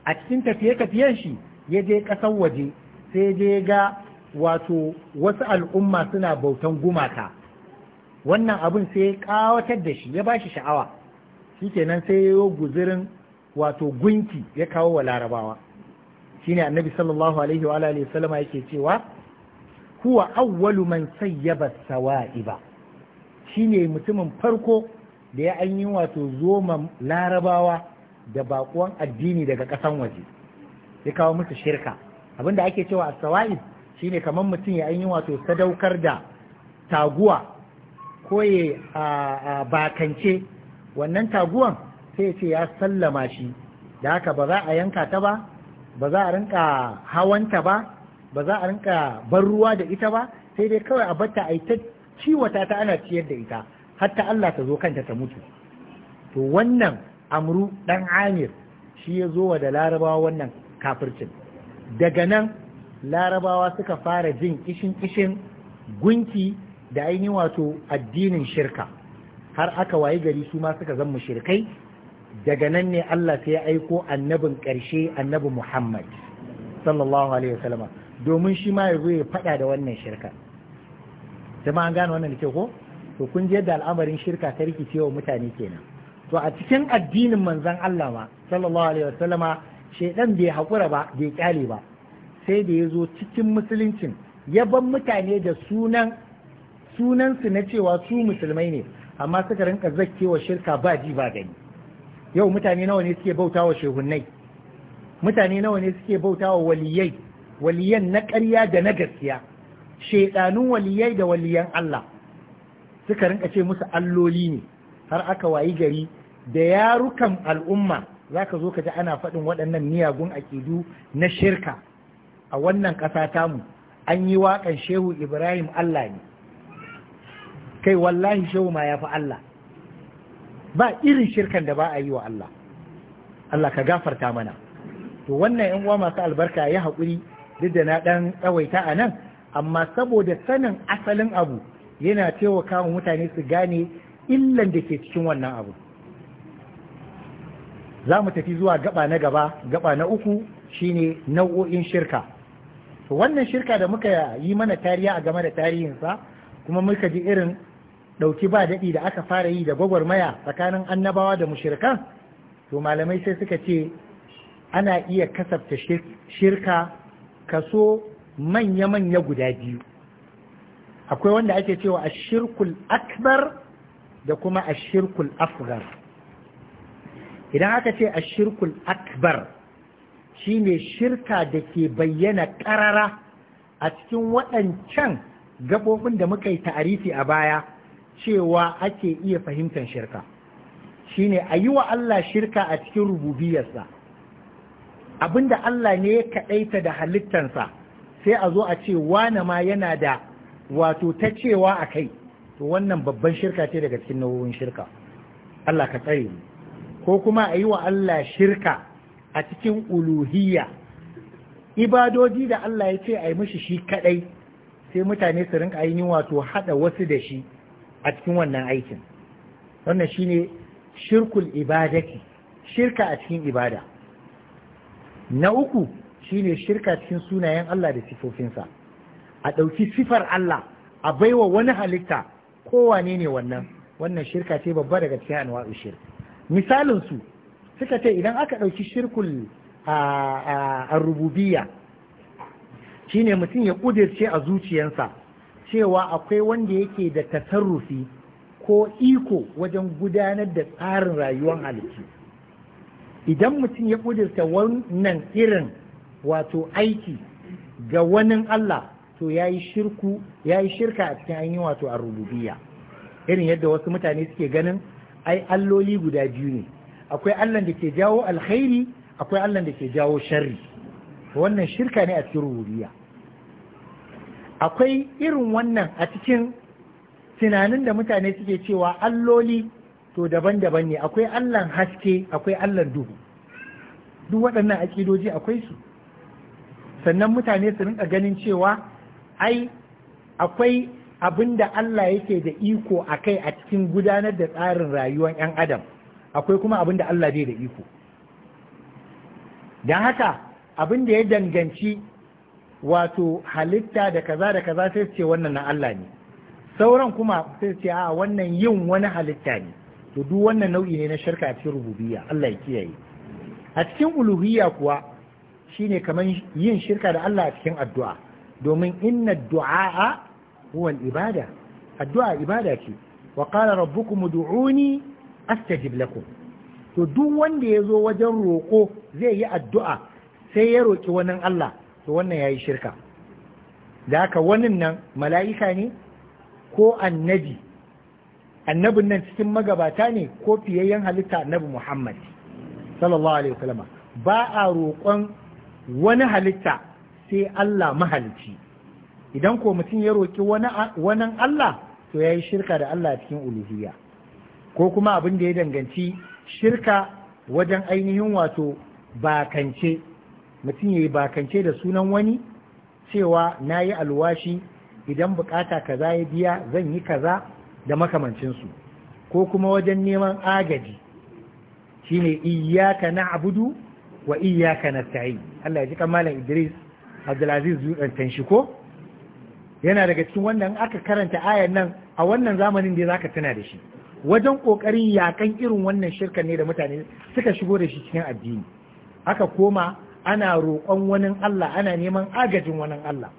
a cikin tafiye-tafiyen shi ya je ƙasar waje sai je ga wato wasu al'umma suna bautan gumaka wannan abin sai ya ƙawatar da shi ya ba shi sha'awa Shi kenan sai ya yi guzirin wato gunki ya kawo wa larabawa Shi ne annabi sallallahu alaihi wa alihi sallama yake cewa huwa awwalu man sayyaba sawa'iba Shi ne mutumin farko da ya an yi wato zoma larabawa da bakuwan addini daga ƙasan waje ya kawo musu shirka abinda ake cewa a sawa'id shine kamar mutum ya an yi wato sadaukar da taguwa ko ya bakance wannan taguwan sai ya ce ya sallama shi da haka ba za a yanka ta ba ba za a rinka hawanta ba ba za a rinka ban ruwa da ita ba sai dai kawai a bata a yi ta. ciwata ta ana ciyar da ita har ta Allah ta zo kanta ta mutu to wannan amru dan amir shi ya zo wa da larabawa wannan kafircin daga nan larabawa suka fara jin kishin kishin gunki da ainihin wato addinin shirka har aka wayi gari su ma suka zama shirkai daga nan ne Allah sai ya aiko annabin ƙarshe annabi Muhammad sallallahu alaihi wasallama domin shi ma ya zo ya faɗa da wannan shirka jama'a an gane wannan da ke ko to kun je da al'amarin shirka ta rikice wa mutane kenan to a cikin addinin manzon Allah ma sallallahu alaihi wasallama shedan bai hakura ba bai kyale ba sai da yazo cikin musuluncin ya ban mutane da sunan sunan su na cewa su musulmai ne amma suka rinka zakkewa shirka ba ji ba gani yau mutane nawa ne suke bautawa shehunnai mutane nawa ne suke wa waliyai waliyan na ƙarya da na gaskiya shaidanun waliyai da waliyan Allah suka rinka ce musu alloli ne har aka wayi gari da yarukan al'umma za ka zo ka ji ana faɗin waɗannan miyagun aƙidu na shirka a wannan ƙasa tamu an yi waƙan shehu ibrahim Allah ne kai wallahi shehu ma ya fi Allah ba irin shirkan da ba a yi wa Allah Allah ka gafarta mana to wannan yan uwa masu albarka ya haƙuri duk da na ɗan tsawaita a nan amma saboda sanin asalin abu yana taimaka wa mutane su gane illan da ke cikin wannan abu za mu tafi zuwa gaba na gaba gaba na uku shine nau'o'in shirka to wannan shirka da muka yi mana tariya a game da tarihinsa kuma muka ji irin ɗauki ba daɗi da aka fara yi da gwagwarmaya tsakanin annabawa da mushirkan to malamai sai suka ce ana iya kasafta shirka kaso manya-manya guda biyu akwai wanda ake cewa a shirkul akbar da kuma a shirkul afghar idan aka ce a shirkul akbar shine shirka da ke bayyana karara a cikin waɗancan gaɓoɓin da muka yi ta'arifi a baya cewa ake iya fahimtar shirka shine a yi wa Allah shirka a cikin rububiyarsa abinda Allah ne ya kaɗaita da halittansa sai a zo a ce wane ma yana da wato ta cewa a kai to wannan babban shirka ce daga cikin nau'o'in shirka Allah ka tsare mu ko kuma a yi wa Allah shirka a cikin uluhiyya ibadoji da Allah ya ce a yi mishi shi kadai sai mutane su rinka yi wato hada wasu da shi a cikin wannan aikin wannan shine shirkul ibadati shirka a cikin ibada na uku shine shirka cikin sunayen Allah da sifofinsa a ɗauki sifar Allah a baiwa wani halitta kowane ne wannan wannan shirka ce babba daga cikin anwa'u shirk misalin su suka ce idan aka ɗauki shirkul a rububiyya shine mutum ya ƙudirce a zuciyarsa, cewa akwai wanda yake da tasarrufi ko iko wajen gudanar da tsarin rayuwar halittu idan mutum ya ƙudirta wannan irin wato aiki ga wani Allah to ya yi shirku ya shirka a cikin ainihin wato a rububiya irin yadda wasu mutane suke ganin ai alloli guda biyu ne akwai Allah da ke jawo alkhairi akwai Allah da ke jawo sharri wannan shirka ne a cikin rububiya akwai irin wannan a cikin tunanin da mutane suke cewa alloli to daban-daban ne akwai Allah haske akwai Allah duhu duk waɗannan akidoji akwai su sannan mutane su rinka ganin cewa ai akwai abin da Allah yake da iko a kai a cikin gudanar da tsarin rayuwar 'yan adam akwai kuma abin da Allah bai da iko don haka abin da ya danganci wato halitta da kaza da kaza sai ce wannan na Allah ne sauran kuma sai ce a wannan yin wani halitta ne to duk wannan nau'i ne na shirka a cikin rububiya Allah ya kiyaye a cikin uluhiyya kuwa shine kamar yin shirka da Allah a cikin addu'a domin inna ibada addu'a ibada ce wa qala rabbukum ud'uni astajib lakum to duk wanda ya zo wajen roƙo zai yi addu'a sai ya roƙi wani Allah to wannan ya yi shirka da haka wannan nan mala'ika ne ko annabi annabin nan cikin magabata ne ko fiyayyen halitta annabi Muhammad sallallahu alaihi wasallam ba a roƙon wani halitta sai Allah mahalicci idan ko mutum ya roki wani Allah to ya yi shirka da Allah cikin uluhiyya ko kuma abin da ya danganci shirka wajen ainihin wato bakance mutum ya yi bakance da sunan wani cewa na yi alwashi idan bukata kaza ya biya zan yi kaza da makamancinsu ko kuma wajen neman agaji shine iyaka na abudu wa iyyaka nasta'in Allah ya ji kamalan Idris Abdulaziz zuɗantan shi ko yana daga cikin wannan aka karanta ayan nan a wannan zamanin da zaka tuna da shi wajen kokarin yakan irin wannan shirkan ne da mutane suka shigo da shi cikin addini aka koma ana roƙon wani Allah ana neman agajin wani Allah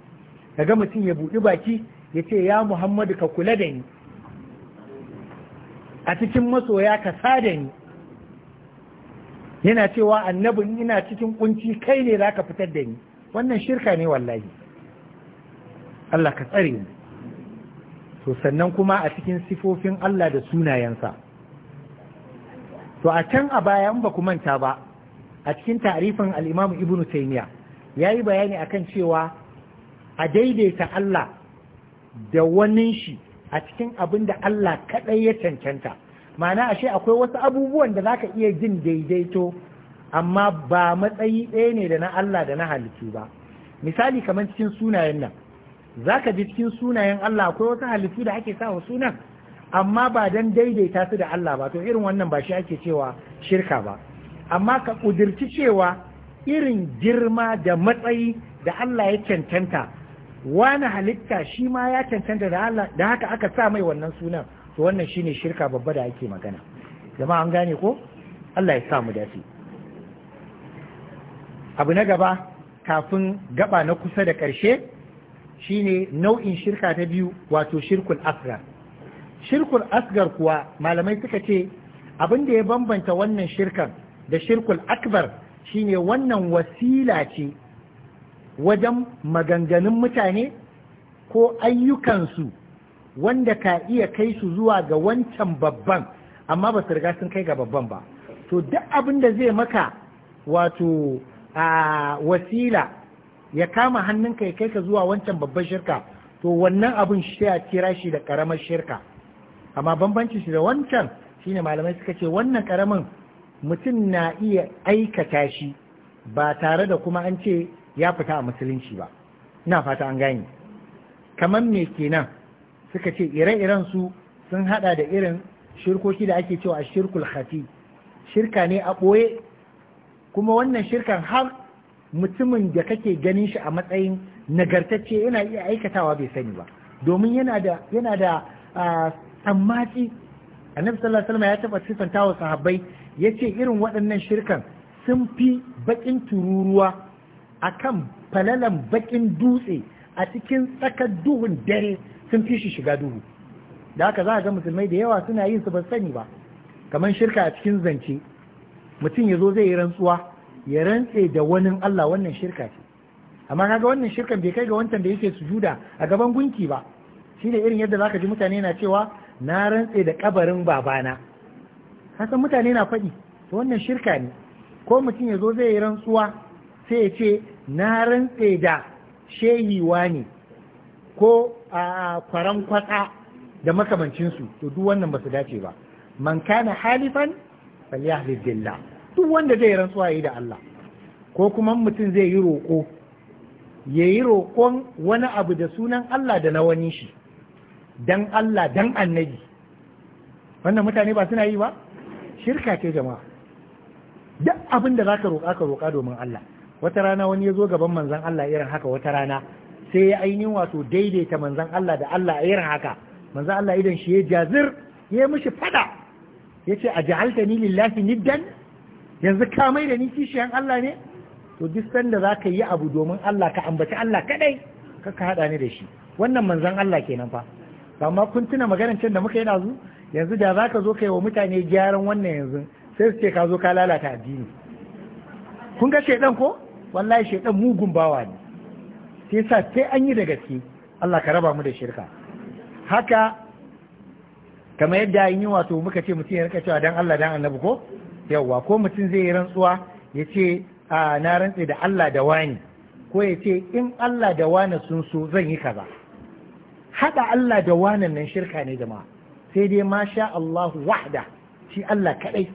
daga mutum ya buɗi baki ya ce ya Muhammadu ka kula da ni a cikin masoya ka sada ni yana cewa annabin ina cikin kunci kai ne zaka fitar da ni wannan shirka ne wallahi Allah ka tsare mu to sannan kuma a cikin sifofin Allah da sunayensa to a can a baya in ba ku manta ba a cikin tarifin al-Imam Ibn Taymiyyah yayi bayani akan cewa a daidaita Allah da wani shi a cikin abin da Allah kadai ya cancanta ma'ana ashe akwai wasu abubuwan da zaka iya jin daidaito amma ba matsayi ɗaya ne da na Allah da na halittu ba misali kamar cikin sunayen nan zaka ji cikin sunayen Allah akwai wasu halittu da ake sawa sunan amma ba dan daidaita su da Allah ba to irin wannan ba shi ake cewa shirka ba amma ka kudirci cewa irin girma da matsayi da Allah ya cancanta wani halitta shi ma ya cancanta da Allah da haka aka sa mai wannan sunan to wannan shine shirka babba da ake magana jama'a an gane ko Allah ya samu dafi. abu na gaba kafin gaba na kusa da ƙarshe shine nau'in shirka ta biyu wato shirkul asgar shirkul asgar kuwa malamai suka ce abin da ya bambanta wannan shirkan da shirkul akbar shine wannan wasila ce wajen maganganun mutane ko ayyukansu wanda ka iya kai su zuwa ga wancan babban amma ba su riga sun kai ga babban ba to duk abin da zai maka wato a wasila ya kama hannunka ya kai ka zuwa wancan babban shirka to wannan abin shi a kira shi da karamar shirka amma bambanci shi da wancan shine malamai suka ce wannan karamin mutum na iya aikata shi ba tare da kuma an ce ya fita a musulunci ba ina fata an gane kamar me kenan suka ce ire-iren su sun hada da irin shirkoki da ake cewa shirkul khafi shirka ne a ɓoye kuma wannan shirkan har mutumin da kake ganin shi a matsayin nagartacce yana iya aikatawa bai sani ba domin yana da yana da tsammaci annabi sallallahu alaihi wasallam ya taba sifanta wa sahabbai yace irin waɗannan shirkan sun fi bakin tururuwa a kan falalan bakin dutse a cikin tsakar duhun dare sun fi shi shiga duhu da haka za a ga musulmai da yawa suna yin su ba sani ba kamar shirka a cikin zance mutum ya zo zai yi rantsuwa ya rantse da wani Allah wannan shirka ce amma kaga wannan shirkan bai kai ga wancan da yake sujuda a gaban gunki ba shine irin yadda zaka ji mutane na cewa na rantse da kabarin babana kasan mutane na faɗi to wannan shirka ne ko mutum ya zo zai yi rantsuwa sai ya ce na rantse da shehiwa ne ko a kwaran kwatsa da makamancinsu to duk wannan ba su dace ba man kana halifan falyahlif billah duk wanda zai rantsuwa yi da Allah ko kuma mutum zai yi roƙo ya yi roƙon wani abu da sunan Allah da na wani shi dan Allah dan annabi wannan mutane ba suna yi ba shirka ce jama'a duk abin da zaka roƙa ka roƙa domin Allah wata rana wani ya zo gaban manzon Allah irin haka wata rana sai ya ainihin wato daidaita manzan Allah da Allah a irin haka manzan Allah idan shi ya jazir ya mishi fada ya ce a jahalta ni lillahi niddan yanzu ka da ni kishiyan Allah ne to duk sanda za ka yi abu domin Allah ka ambaci Allah kadai ka ka haɗa ni da shi wannan manzan Allah kenan fa amma kun tuna maganar can da muka yi dazu yanzu da za ka zo ka yi wa mutane gyaran wannan yanzu sai su ce ka zo ka lalata addini kun ga shaidan ko wallahi shaidan mugun bawa ne sai sa sai an yi da gaske Allah ka raba mu da shirka haka kamar yadda an wato muka ce mutum ya rika cewa dan Allah dan annabi ko yawwa ko mutum zai yi rantsuwa ya ce a na rantse da Allah da wani ko ya ce in Allah da wani sun so zan yi kaza hada Allah da wani nan shirka ne jama'a sai dai masha Allah wahda shi Allah kadai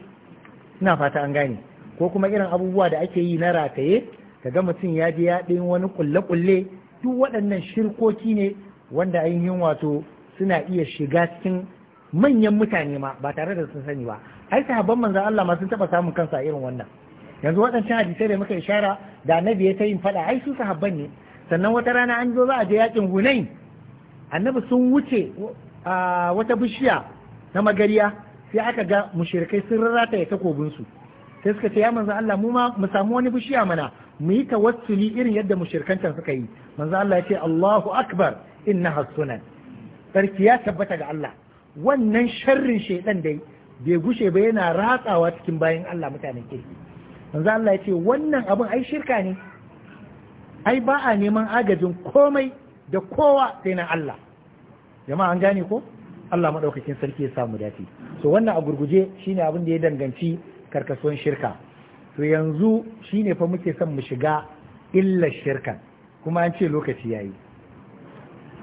ina fata an gane ko kuma irin abubuwa da ake yi na rataye ga mutum ya je ya ɗin wani ƙulle-ƙulle duk waɗannan shirkoki ne wanda ainihin wato suna iya shiga cikin manyan mutane ma ba tare da sun sani ba ai sahabban manzon Allah ma sun taɓa samun kansa irin wannan yanzu waɗancan hadisai da muka ishara da annabi ya ta yin faɗa ai su sahabban ne sannan wata rana an zo za a je yakin hunain annabi sun wuce a wata bishiya na magariya sai aka ga mushirikai sun rarrata ya takobinsu sai suka ce ya manzo Allah mu ma mu samu wani bishiya mana mu yi tawassuli irin yadda mushirkancan suka yi manzo Allah ya Allahu akbar innaha sunan sarki ya tabbata ga Allah wannan sharrin shaiɗan dai bai gushe ba yana ratsawa cikin bayan Allah mutanen kirki manzo Allah ya wannan abin ai shirka ne ai ba a neman agajin komai da kowa sai na Allah jama'a an gane ko Allah madaukakin sarki ya samu dace so wannan a gurguje shine abin da ya danganci karkasuwan shirka to yanzu shi ne fa muke son mu shiga illar shirka kuma an ce lokaci ya yi.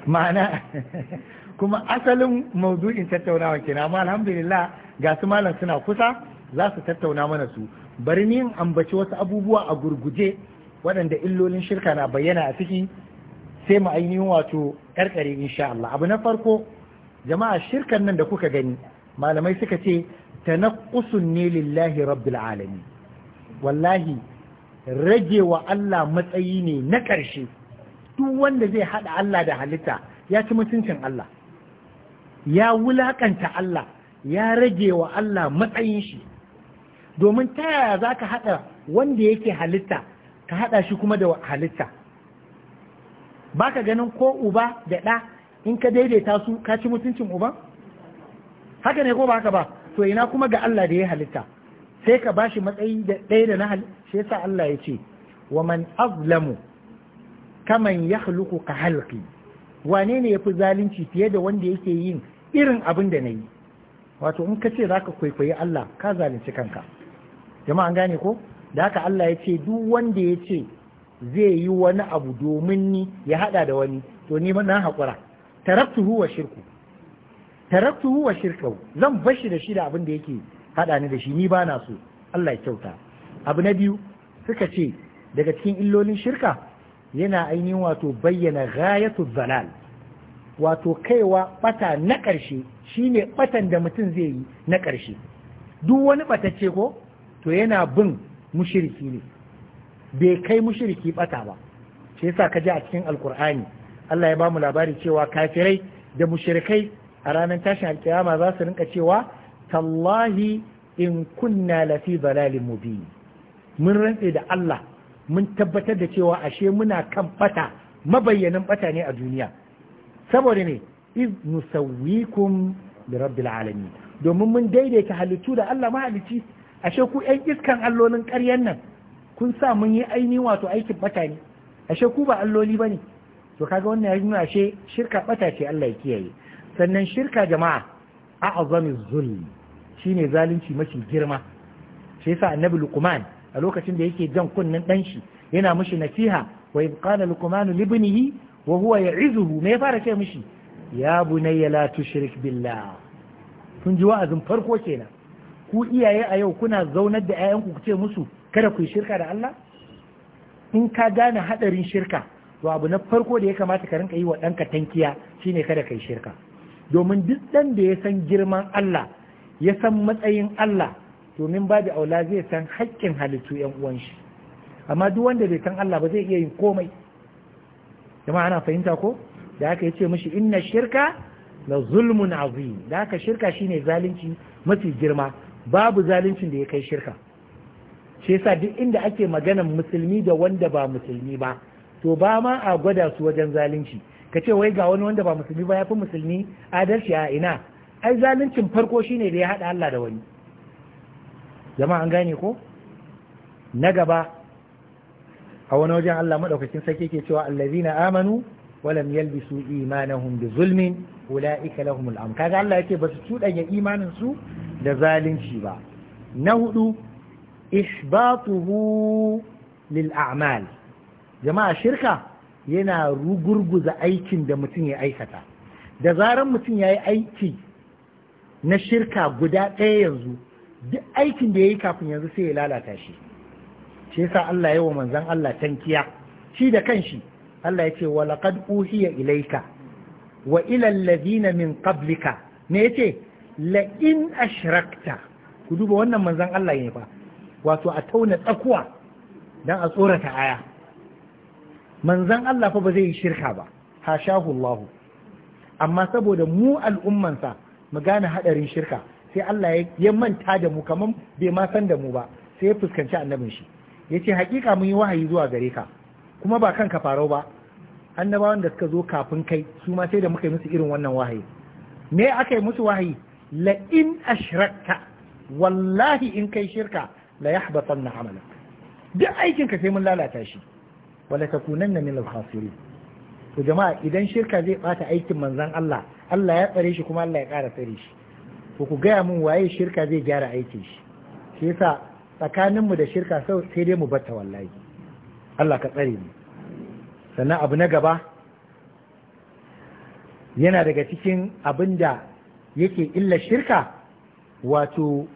ma'ana kuma asalin maudu'in tattaunawa kenan amma alhamdulillah ga su malam suna kusa za su tattauna mana su bari ni ambaci wasu abubuwa a gurguje waɗanda illolin shirka na bayyana a ciki sai mu ainihin wato ƙarƙare insha Allah abu na farko jama'a shirkan nan da kuka gani malamai suka ce tanaqqusun ne lillahi rabbil alamin wallahi rage wa Allah matsayi ne na ƙarshe duk wanda zai haɗa Allah da halitta ya ci mutuncin Allah ya wulaƙanta Allah ya rage wa Allah matsayin shi domin ta yaya za ka haɗa wanda yake halitta ka haɗa shi kuma da halitta ba ka ganin ko uba da ɗa in ka daidaita su ka ci mutuncin uba? haka ne ko ba haka ba to ina kuma ga Allah da ya halitta sai ka bashi matsayi da ɗaya da na hal shi yasa Allah ya ce wa man azlamu kaman yakhluqu ka halqi wane ne yafi zalunci fiye da wanda yake yin irin abin da nayi wato in ka ce zaka kwaikwayi Allah ka zalunci kanka jama'a an gane ko da haka Allah ya ce duk wanda ya ce zai yi wani abu domin ni ya hada da wani to ni na haƙura taraktuhu wa shirku taraktuhu wa shirku zan bashi da shi da abin da yake haɗa ni da shi ni ba na so Allah ya kyauta abu na biyu suka ce daga cikin illolin shirka yana ainihin wato bayyana ghayatu zalal wato kaiwa bata na ƙarshe shine batan da mutum zai yi na ƙarshe duk wani ce ko to yana bin mushiriki ne bai kai mushiriki bata ba shi yasa ka ji a cikin alkur'ani Allah ya ba mu labari cewa kafirai da mushirikai a ranar tashin alkiyama za su rinka cewa tallahi in kunna lafi zalalin mubin mun rantse da Allah mun tabbatar da cewa ashe muna kan bata mabayyanin bata ne a duniya saboda ne iz nusawwikum bi rabbil alamin domin mun daidaita halittu da Allah mahalicci ashe ku ƴan iskan allolin ƙaryan nan kun sa mun yi aini wato aikin bata ne ashe ku ba alloli bane to kaga wannan ya nuna ashe shirka bata ce Allah ya kiyaye sannan shirka jama'a azamin zulmi Shi ne zalunci mafi girma shi yasa annabi luqman a lokacin da yake jan kunnen dan shi yana mishi nasiha wa idh qala luqman li ibnihi wa huwa ya'izuhu me ya fara ce mishi ya bunayya la tushrik billah kun ji wa'azin farko kenan ku iyaye a yau kuna zaunar da 'ya'yanku ku ce musu kada ku yi shirka da Allah in ka gane hadarin shirka to abu na farko da ya kamata ka rinka yi wa ɗanka tankiya shine kada ka yi shirka domin duk ɗan da ya san girman Allah ya san matsayin Allah domin babu aula zai san haƙƙin halittu ‘yan uwan shi amma duk wanda bai san Allah ba zai iya yin komai jama'a ana fahimta ko da aka yace mishi inna shirka la zulmun azim da aka shirka shine zalunci mafi girma babu zaluncin da ya kai shirka shi yasa duk inda ake maganan musulmi da wanda ba musulmi ba to ba ma a gwada su wajen zalunci ka ce wai ga wani wanda ba musulmi ba ya fi musulmi adalci a ina ai zaluncin farko shine da ya haɗa Allah da wani jama'a an gane ko na gaba a wani wajen Allah maɗaukacin sarki ke cewa allazina amanu walam yalbisu imanahum bi zulmin ulaika lahumul amn kaga Allah yake ba su tudanya imanin su da zalunci ba na hudu isbatuhu lil a'mal jama'a shirka yana rugurguza aikin da mutum ya aikata da zaran mutum ya yi aiki na shirka guda ɗaya yanzu duk aikin da ya yi kafin yanzu sai ya lalata shi shi yasa Allah ya wa manzan Allah tankiya shi da kanshi Allah ya ce wa laqad uhiya ilaika wa ila alladhina min qablika me yace la in ashrakta ku duba wannan manzan Allah ne fa wato a tauna tsakuwa dan a tsorata aya manzon Allah fa ba zai yi shirka ba hashahu Allah amma saboda mu al'ummansa mu gane hadarin shirka sai Allah ya manta da mu kamar bai ma san da mu ba sai ya fuskanci annabin shi Ya ce hakika mun yi wahayi zuwa gare ka kuma ba kanka farau ba annabawan da suka zo kafin kai su ma sai da muka yi musu irin wannan wahayi me aka yi musu wahayi la in ashrakta wallahi in kai shirka la yahbatanna amalak duk aikin ka sai mun lalata shi wala takunanna min al-khasirin to jama'a idan shirka zai bata aikin manzan Allah Allah ya tsare shi kuma Allah ya ƙara tsare shi to ku gaya min waye shirka zai gyara aikin shi shi yasa mu da shirka sai dai mu batta wallahi Allah ka tsare mu sannan abu na gaba yana daga cikin abin da yake illa shirka wato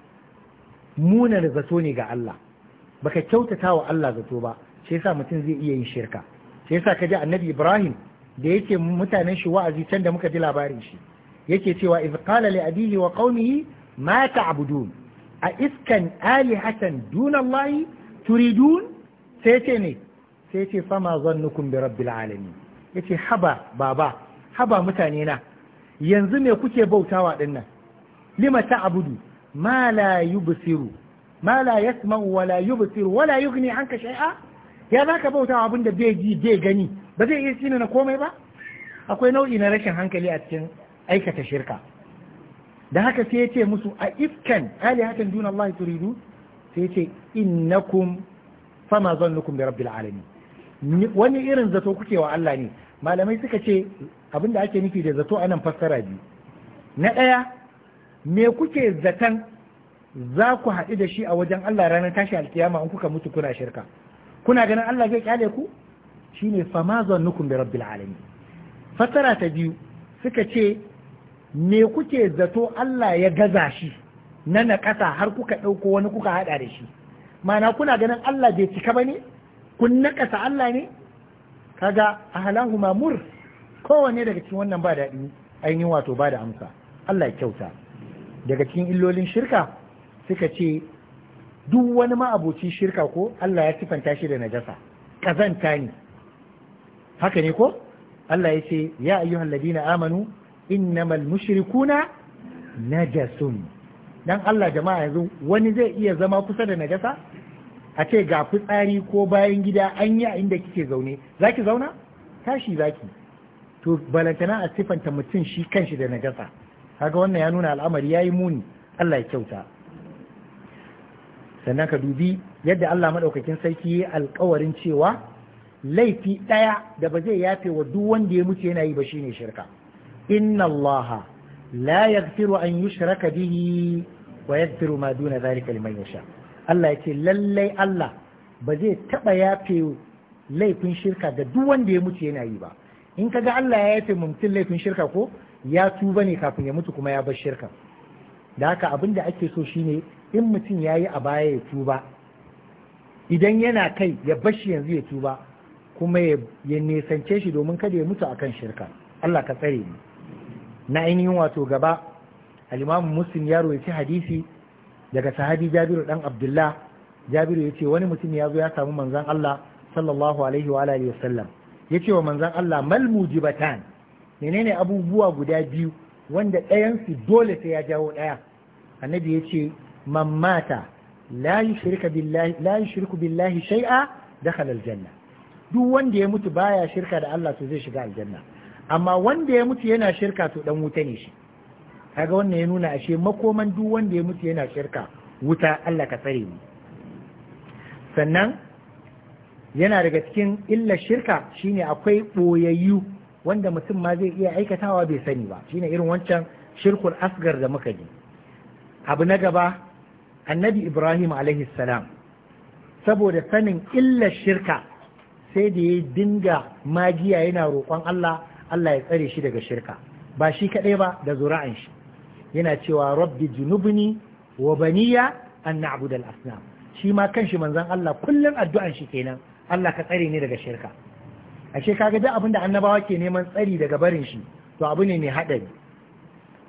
munar zato ne ga Allah baka kyautata wa Allah zato ba shi yasa mutum zai iya yin shirka shi yasa ka ji annabi Ibrahim da yake mutanen shi wa'azi can da muka ji labarin shi yake cewa iz qala li abihi wa qaumihi ma ta'budun a iskan alihatan dunallahi turidun sai ce ne sai ce fama zannukum bi rabbil alamin yace haba baba haba mutane na yanzu me kuke bautawa dinnan lima ta'budu ma la yubsiru ma la yasma'u wa la yubsiru wa la yughni anka shay'a ya zaka bautawa abinda bai ji bai gani ba zai iya tsina na komai ba akwai nau'i na rashin hankali a cikin aikata shirka da haka sai ya ce musu a ifkan hatan duna Allah ridu sai ya ce innakum fama zannukum bi rabbil alamin wani irin zato kuke wa Allah ne malamai suka ce abinda ake nufi da zato anan fassara biyu na ɗaya me kuke zaton za ku haɗu da shi a wajen Allah ranar tashi alkiyama in kuka mutu kuna shirka kuna ganin Allah zai kyale ku shine fa ma bi rabbil alamin fasara ta biyu suka ce me kuke zato Allah ya gaza shi na naƙasa har kuka ɗauko wani kuka haɗa da shi mana kuna ganin Allah bai cika ba ne kun naƙasa Allah ne kaga ahlahu mamur kowanne daga cikin wannan ba daɗi ainihin wato ba da amsa Allah ya kyauta daga cikin illolin shirka suka ce duk wani ma'aboci shirka ko Allah ya sifanta shi da najasa ƙazanta ne haka ne ko Allah ya ce ya ayyuhal ladina amanu innamal mushrikuna najasun dan Allah jama'a yanzu wani zai iya zama kusa da najasa a ce ga fitsari ko bayan gida an yi inda kike zaune zaki zauna tashi zaki to balantana a sifanta mutum shi kanshi da najasa kaga wannan ya nuna al'amari yayi muni Allah ya kyauta sannan ka dubi yadda Allah madaukakin sarki ya alƙawarin cewa laifi ɗaya da ba zai yafe wa duk wanda ya mutu yana yi ba shine shirka inna allaha la yaghfiru an yushraka bihi wa yaghfiru ma duna zalika liman yasha Allah ya ce lallai Allah ba zai taɓa yafe laifin shirka da duk wanda ya mutu yana yi ba in kaga Allah ya yafe mutum laifin shirka ko ya tuba ne kafin ya mutu kuma ya bar shirka da haka abin da ake so shine in mutum yayi a baya ya tuba idan yana kai ya bashi yanzu ya tuba kuma ya nisance shi domin kada ya mutu akan shirka Allah ka tsare ni na ainihin wato gaba al-Imam Muslim ya ci hadisi daga sahabi Jabiru dan Abdullah Jabiru ya ce wani mutum ya zo ya samu manzan Allah sallallahu alaihi wa alihi wasallam yace wa manzan Allah mal mujibatan menene abubuwa guda biyu wanda ɗayan su dole sai ya jawo ɗaya annabi yace man mata la yushriku billahi la yushriku billahi shay'a dakhala aljanna duk wanda ya mutu baya shirka da Allah to zai shiga aljanna amma wanda ya mutu yana shirka to dan wuta ne shi kaga wannan ya nuna ashe makoman duk wanda ya mutu yana shirka wuta Allah ka tsare mu sannan yana daga cikin illa shirka shine akwai boyayyu wanda mutum ma zai iya aikatawa bai sani ba shine irin wancan shirkul asgar da muka ji abu na gaba annabi ibrahim alaihi salam saboda sanin illa shirka sai da ya dinga magiya yana roƙon Allah Allah ya tsare shi daga shirka ba shi kaɗai ba da zura'an shi yana cewa rabbi junubni wa baniya an na'budal asnam shi ma kanshi manzon Allah kullum addu'an shi kenan Allah ka tsare ni daga shirka ashe kaga duk abin da annabawa ke neman tsari daga barin shi to abu ne mai haɗari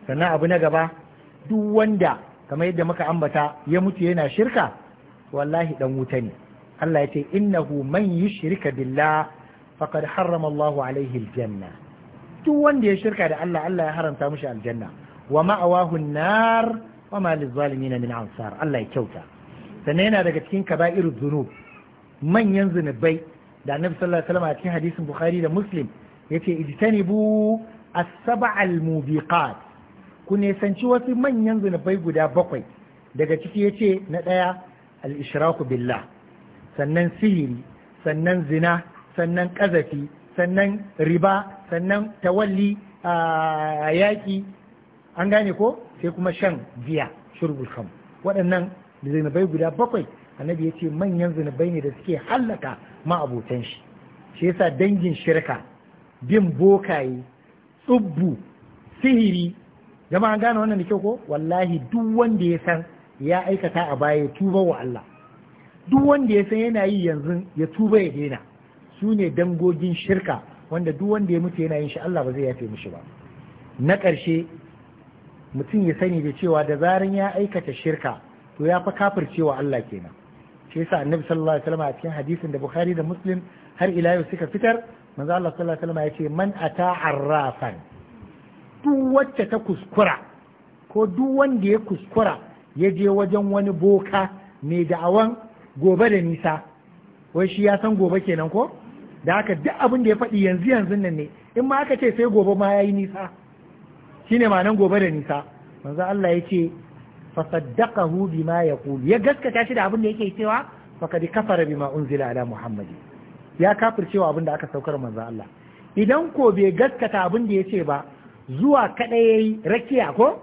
sannan abu na gaba duk wanda kamar yadda muka ambata ya mutu yana shirka wallahi dan wuta ne Allah ya ce innahu man yushrika billah faqad harrama Allah alaihi aljanna duk wanda ya shirka da Allah Allah ya haramta mishi aljanna wa ma'awahu nar wa ma lizalimin min ansar Allah ya kyauta sannan yana daga cikin kaba'iru dhunub manyan zunubai da Annabi sallallahu alaihi wasallam a cikin hadisin Bukhari da Muslim yace ijtanibu as-sab'a al-mubiqat ku nisanci wasu manyan zunubai guda bakwai daga ciki yace na daya al-ishraku billah sannan sihiri sannan zina sannan ƙazafi sannan riba sannan tawalli a yaƙi an gane ko sai kuma shan giya shurbul kam waɗannan zinabai guda bakwai annabi ya ce manyan zinabai ne da suke hallaka ma'abotan shi shi yasa dangin shirka bin bokaye tsubbu sihiri jama'an an gane wannan da kyau ko wallahi duk wanda ya san ya aikata a baya tuba wa Allah duk wanda ya san yana yi yanzu ya tuba ya daina su ne dangogin shirka wanda duk wanda ya mutu yana yin shi Allah ba zai yafe mishi ba na ƙarshe mutum ya sani da cewa da zaran ya aikata shirka to ya fa kafircewa Allah kenan shi yasa annabi sallallahu alaihi wasallam a cikin hadisin da Bukhari da Muslim har ila yau suka fitar manzo Allah sallallahu alaihi wasallam ya ce man ata arrafan duk wacce ta kuskura ko duk wanda ya kuskura ya je wajen wani boka mai da'awan gobe da nisa wai shi ya san gobe kenan ko da haka duk abin da ya faɗi yanzu yanzu nan ne in ma aka ce sai gobe ma ya yi nisa shine ma nan gobe da nisa manzo Allah ya ce fa saddaqahu bima yaqul ya gaskata shi da abin da yake cewa faqad kafara bima unzila ala muhammadi ya kafircewa abin da aka saukar manzo Allah idan ko bai gaskata abin da ya ce ba zuwa kaɗai ya yi rakiya ko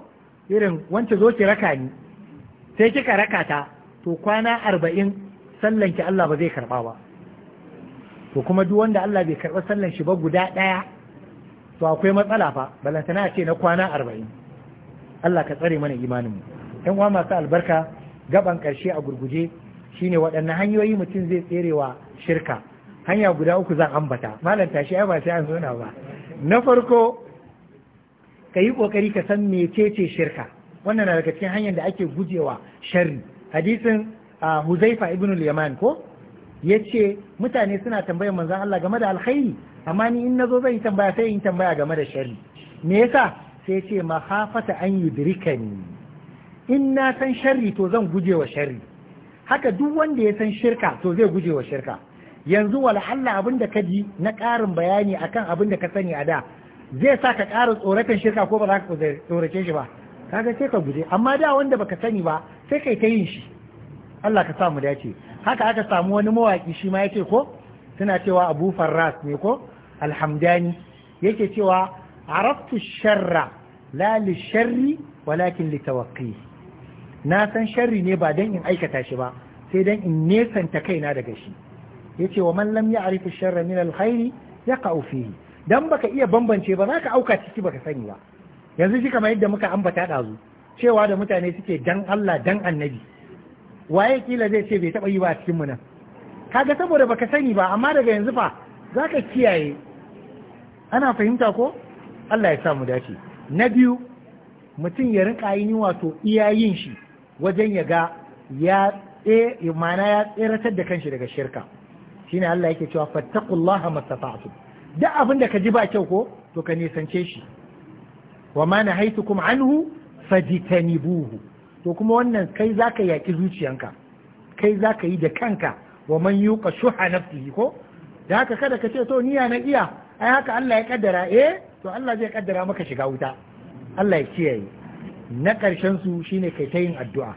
irin wancan zo ki raka ni sai kika raka ta to kwana arba'in sallan ki Allah ba zai karba ba to kuma duk wanda Allah bai karba sallan shi ba guda daya to akwai matsala fa balantana a ce na kwana arba'in Allah ka tsare mana imaninmu ɗan uwa masu albarka gaban karshe a gurguje shine waɗannan hanyoyi mutum zai tserewa shirka hanya guda uku zan ambata malam tashi ai ba sai an zona ba na farko ka yi kokari ka san mecece shirka wannan na daga cikin hanyar da ake gujewa sharri hadisin a huzaifa ibn al-yaman ko ya ce mutane suna tambayar manzon Allah game da alkhairi amma ni in nazo zan yi tambaya sai in tambaya game da sharri me yasa sai ce mahafata an yudrikani in na san sharri to zan guje wa sharri haka duk wanda ya san shirka to zai guje wa shirka yanzu walhalla abin da ka ji na karin bayani akan abin da ka sani a da zai sa ka ƙara tsoratan shirka ko ba za ka tsorace shi ba kaga sai ka guje amma da wanda baka sani ba sai kai ta yin shi Allah ka samu dace haka aka samu wani mawaki shi ma yake ko suna cewa Abu Farras ne ko alhamdani yake cewa araftu sharra la li sharri walakin li tawaqqi na san sharri ne ba dan in aikata shi ba sai dan in nesanta kaina daga shi yace wa man lam ya'rifu sharra min alkhairi yaqa'u fihi dan baka iya bambance ba zaka auka ciki baka sani ba yanzu shi kamar yadda muka ambata dazu cewa da mutane suke dan Allah dan annabi waye kila zai ce bai taɓa yi ba a cikin mu nan kaga saboda baka sani ba amma daga yanzu fa zaka kiyaye ana fahimta ko Allah ya samu dace na biyu mutum ya rinka yin wato iyayin shi wajen ya ga ya tse mana ya tseratar da kanshi daga shirka shine Allah yake cewa fattaqullaha mastata'tu duk abin da ka ji ba kyau ko to ka nisance shi wa ma nahaitukum anhu fajtanibuhu to kuma wannan kai za ka yaƙi zuciyanka kai za ka yi da kanka wa man yuqa shuha na ko da haka kada ka ce to niya na iya ai haka Allah ya kaddara eh to Allah zai kaddara maka shiga wuta Allah ya kiyaye na ƙarshen su shine kai ta yin addu'a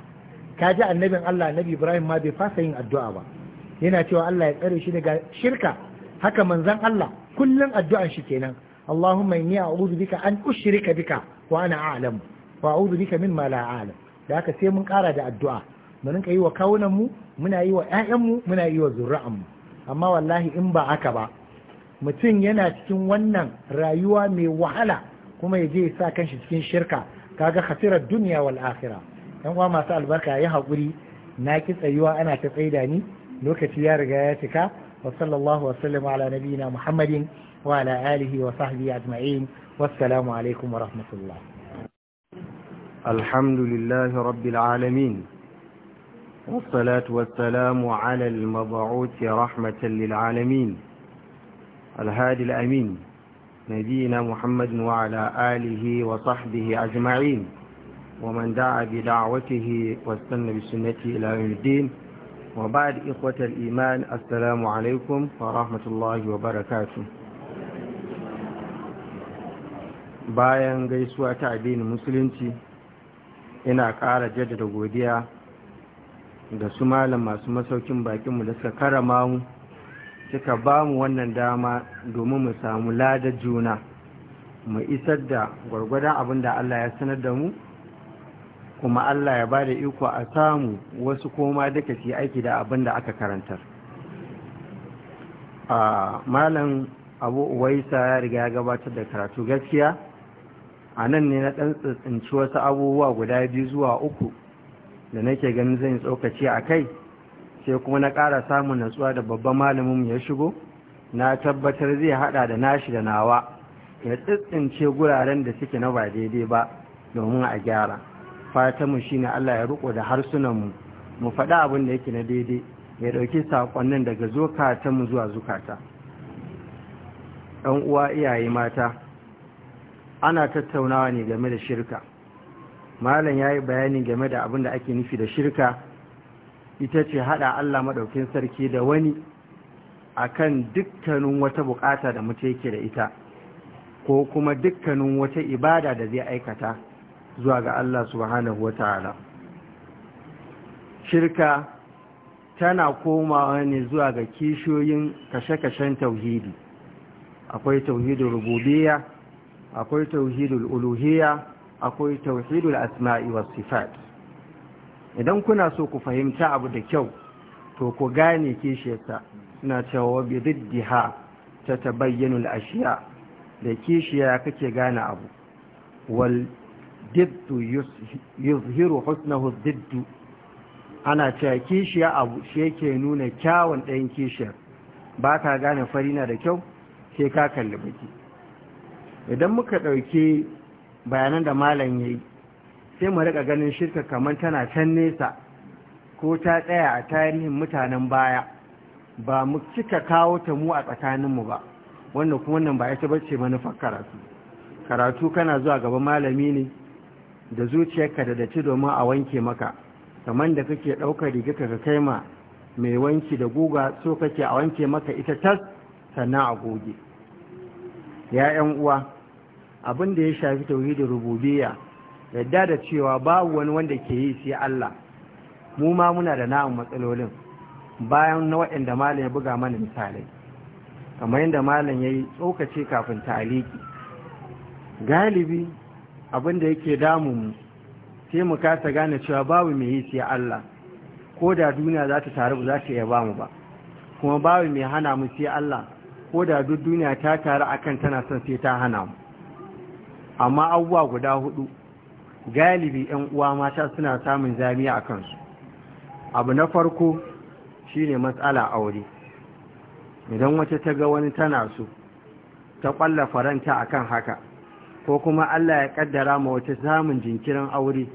ka ji annabin Allah Nabi Ibrahim ma bai fasa yin addu'a ba yana cewa Allah ya tsare shi daga shirka haka manzon Allah kullun addu'an shi kenan Allahumma inni a'udhu bika an ushrika bika wa ana a'lamu wa a'udhu bika ma la a'lamu da haka sai mun ƙara da addu'a mu rinka yi wa kawunan mu muna yi wa 'ya'yanmu, mu muna yi wa zuri'an mu amma wallahi in ba haka ba mutum yana cikin wannan rayuwa mai wahala kuma ya je ya sa kanshi cikin shirka kaga khasirar duniya wal akhira yan uwa masu albarka ya haƙuri na ki tsayuwa ana ta tsaida ni lokaci ya riga ya cika wa sallallahu wa sallama ala nabiyina muhammadin wa ala alihi wa sahbihi ajma'in wassalamu alaikum wa rahmatullah الحمد لله رب العالمين والصلاة والسلام على المبعوث رحمة للعالمين الهادي الأمين نبينا محمد وعلى آله وصحبه أجمعين ومن دعا بدعوته واستنى بسنته إلى يوم الدين وبعد إخوة الإيمان السلام عليكم ورحمة الله وبركاته بايان gaisuwa تعبين مسلمتي ina ƙara jaddada godiya ga su malam masu masaukin bakinmu da suka karama mu suka ba mu wannan dama domin mu samu lada juna mu isar da gwargwadon abin da Allah ya sanar da mu kuma Allah ya ba da iko a samu wasu koma duka su aiki da abin da aka karantar ah, malam abu uwaisa ya riga ya gabatar da karatu gaskiya a nan ne na ɗan wasu abubuwa guda biyu zuwa uku da nake ganin zan tsokaci a kai sai kuma na ƙara samun natsuwa da babban malamin ya shigo na tabbatar zai haɗa da nashi da nawa ya tsintsince guraren da suke na ba daidai ba domin a gyara fatanmu ne Allah ya riko da harsunanmu mu faɗi abin da yake na daidai ya ɗauki saƙonnin daga zukatanmu zuwa zukata ɗan uwa iyaye mata ana tattaunawa ne game da shirka malam ya yi bayani game da abin da ake nufi da shirka ita ce haɗa allah maɗaukin sarki da wani akan dukkanin wata bukata da mutu yake da ita ko kuma dukkanin wata ibada da zai aikata zuwa ga allah subhanahu wa ta'ala shirka tana komawa ne zuwa ga kishiyoyin kashe-kashen tauhidi akwai tauhidin rububiyya akwai tauhidul uluhiyya akwai tauhidul asma'i was sifat idan kuna so ku fahimta abu da kyau to ku gane kishiyarsa ina cewa bi diddiha ta tabayyanul ashiya da kishiya kake gane abu wal diddu yuzhiru husnahu diddu ana cewa ya abu shi yake nuna kyawun ɗayan kishiyar ba ka gane farina da kyau sai ka kalli baki idan muka ɗauki bayanan da malam ya yi sai mu rika ganin shirka kamar tana can nesa ko ta tsaya a tarihin mutanen baya ba mu cika kawo ta mu a tsakaninmu ba wannan kuma nan ba ita bace manufar karatu karatu kana zuwa gaba malami ne da zuciyarka da dace domin a wanke maka kamar da kake ɗaukar rigika ka kai ma mai wanki da guga so kake a wanke maka ita tas sannan a goge ya 'yan uwa abin da ya shafi tauhidin rububiyya yadda da cewa babu wani wanda ke yi sai Allah mu ma muna da namu matsalolin bayan na waɗanda malam ya buga mana misalai kamar yadda malam ya yi tsokace kafin taliki galibi abin da yake damun sai mu kasa gane cewa babu mai yi sai Allah ko da duniya za ta taru ba za ta iya ba mu ba kuma babu mai hana mu sai Allah ko da duk duniya ta taru akan tana son sai ta hana mu amma abubuwa guda hudu galibi yan uwa mata suna samun zamiya a kansu abu na farko shine matsala aure idan wata ta ga wani tana so ta ƙwalla faranta akan haka ko kuma Allah ya kaddara ma wata samun jinkirin aure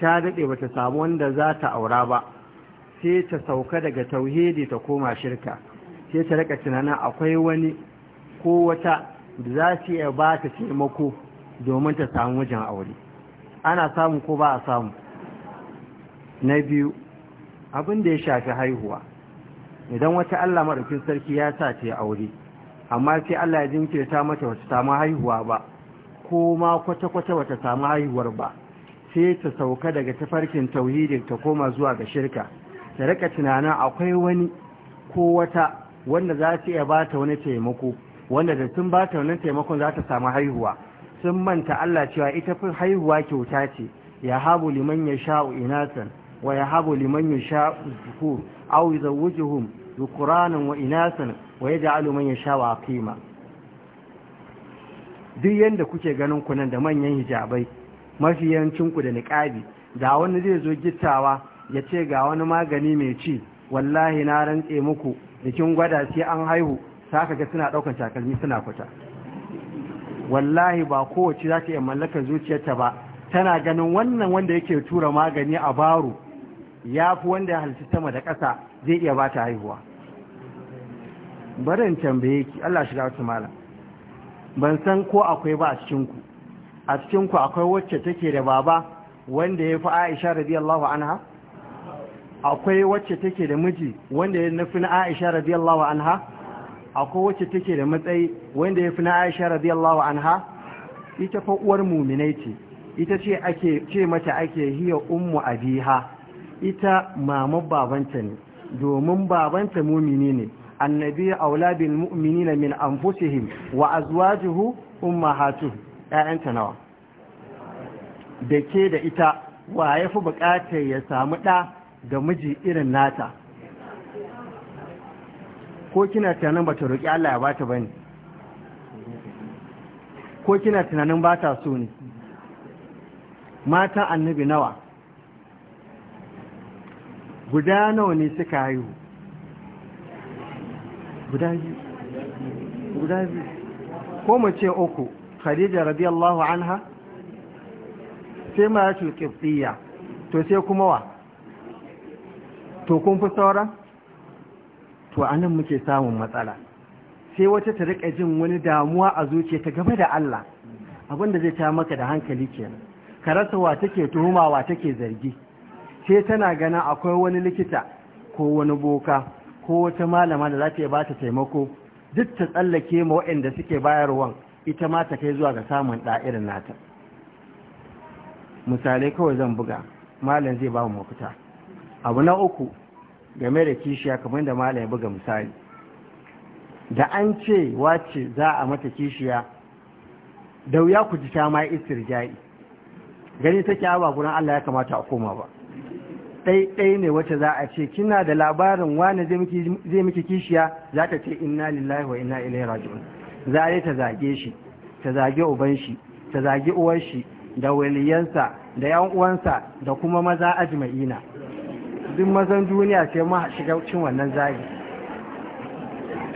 ta dade bata samu wanda za ta aura ba sai ta sauka daga tauhidi ta koma shirka sai ta rika tunanin akwai wani ko wata da za su iya ba ta taimako domin ta samu wajen aure ana samu ko ba a samu na biyu abin da ya shafi haihuwa idan wata Allah maɗaukin sarki ya sa ta aure amma sai Allah ya ta mata wata samu haihuwa ba ko ma kwata-kwata wata samu haihuwar ba sai ta sauka daga tafarkin tauhidi ta koma zuwa ga shirka ta rika tunanin akwai wani ko wata wanda za su iya ba ta wani taimako wanda da sun ba ta wani taimakon za ta samu haihuwa sun manta Allah cewa ita fi haihuwa kyauta ce ya habu liman ya sha'u inasan wa ya habu liman ya sha'u zukur aw yuzawwijuhum dhukuranan wa inasan wa yaj'alu man a kima duk yadda kuke ganin ku nan da manyan hijabai mafi yancin ku da niƙabi, da wani zai zo gittawa ya ce ga wani magani mai ci wallahi na rantse muku da gwada sai an haihu saka ga suna ɗaukar takalmi suna fita wallahi ba kowace za ta iya mallakar zuciyarta ba tana ganin wannan wanda yake tura magani a baro ya fi wanda ya halitta sama da ƙasa zai iya ba ta haihuwa barin tambaye ki Allah shiga wata malam ban san ko akwai ba a cikinku a cikinku akwai wacce take da baba wanda ya fi aisha radiyallahu anha akwai wacce take da miji wanda ya nufi na aisha radiyallahu anha akwai wacce take da matsayi wanda ya fi na aisha radiyallahu anha ita fa uwar muminai ce ita ce ake ce mata ake hiya ummu abiha ita maman babanta ne domin babanta mumini ne annabi aula bil mu'minina min anfusihim wa azwajuhu ummahatu Ya'yanta nawa da ke da ita wa ya fi buƙatar ya samu ɗa ga miji irin nata ko kina tunanin ba ta roƙi Allah ya bata bane ko kina tunanin ba ta so ne matan annabi nawa guda nawa ne suka haihu guda biyu guda biyu ko mu ce uku khadija radiyallahu anha sai ma ya to sai kuma wa to kun fi sauran to a nan muke samun matsala sai wata ta rika jin wani damuwa a zuciya ta game da Allah abinda zai ta maka da hankali kenan ka rasa wa take tuhumawa take zargi sai tana ganin akwai wani likita ko wani boka ko wata malama da za ta ba ta taimako duk ta tsallake ma waɗanda suke bayarwa ita ma ta kai zuwa ga samun da'irin nata misalai kawai zan buga malam zai ba mu mafita abu na uku game da kishiya kamar da malam ya buga misali da an ce wace za a mata kishiya da wuya ku ji ta isir istirja'i gani take ba gurin Allah ya kamata a koma ba ɗai ne wacce za a ce kina da labarin wani zai miki kishiya za ta ce inna lillahi wa inna ilaihi raji'un za a ta zage shi ta zage uban shi ta zage uwar shi da waliyansa da yan uwansa da kuma maza ajma'ina duk mazan duniya sai ma shiga cin wannan zagi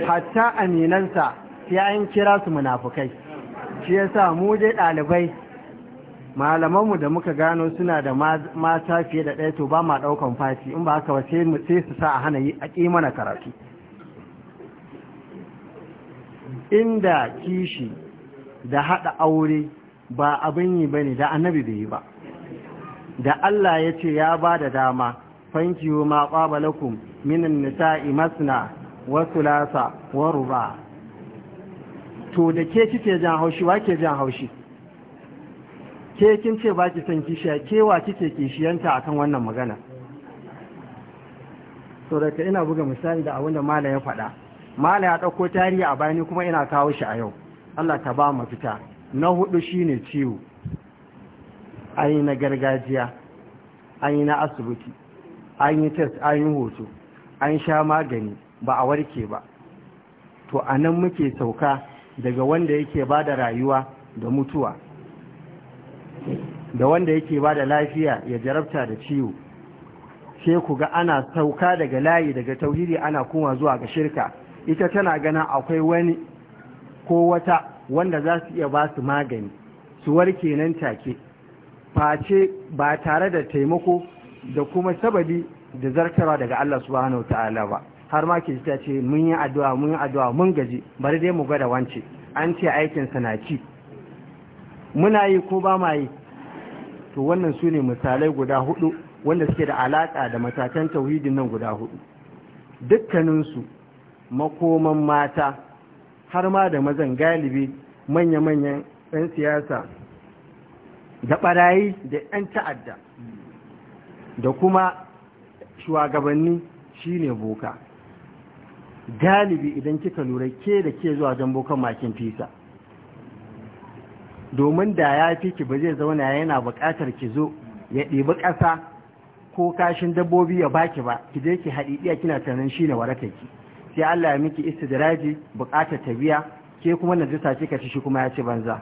hatta aminansa ya yin kira su munafukai shi yasa mu dai ɗalibai malamanmu da muka gano suna da mata fiye da ɗaya to ba ma ɗaukan fati in ba haka ba sai su sa a hana yi a ƙimana karatu inda kishi da haɗa aure ba abin yi ba ne da annabi bai yi ba da Allah ya ce ya ba da dama fankihu ma qaba lakum min an-nisa'i masna wa to da ke kike jan haushi wa ke jan haushi ke kin ce ki son kishiya ke wa kike kishiyanta akan wannan magana to ina buga misali da abin da mala ya faɗa mala ya ɗauko tarihi a bayani kuma ina kawo shi a yau Allah ka ba mu fita na hudu shine ciwo ayi na gargajiya ayi na asibiti an yi test an yi hoto an sha magani ba a warke ba to a nan muke sauka daga wanda yake ba da rayuwa da mutuwa da wanda yake ba da lafiya ya jarabta da ciwo sai ku ga ana sauka daga layi daga tauhidi ana kuma zuwa ga shirka ita tana ganin akwai wani ko wata wanda za su iya ba su magani su warke nan take face ba tare da taimako da kuma sababi da zartara daga Allah subhanahu ta'ala ba har ma ke ta ce mun yi addu'a mun yi addu'a mun gaji bari dai mu gwada wance an ce aikin sa na ci muna yi ko ba ma yi to wannan sune misalai guda hudu wanda suke da alaka da matakan tauhidin nan guda hudu dukkaninsu makoman mata har ma da mazan galibi manya-manyan 'yan siyasa da ɓarayi da 'yan ta'adda da kuma shugabanni shine boka galibi idan kika lura ke da ke zuwa jan bokan makin fisa domin da ya fi ki ba zai zauna yana bukatar ki zo ya ɗibi ƙasa ko kashin dabbobi ya baki ba ki je ki haɗi ɗiya kina tunanin shine warakarki sai Allah ya miki istidraji buƙatar ta biya ke kuma najisa ce kika ci shi kuma ya ci banza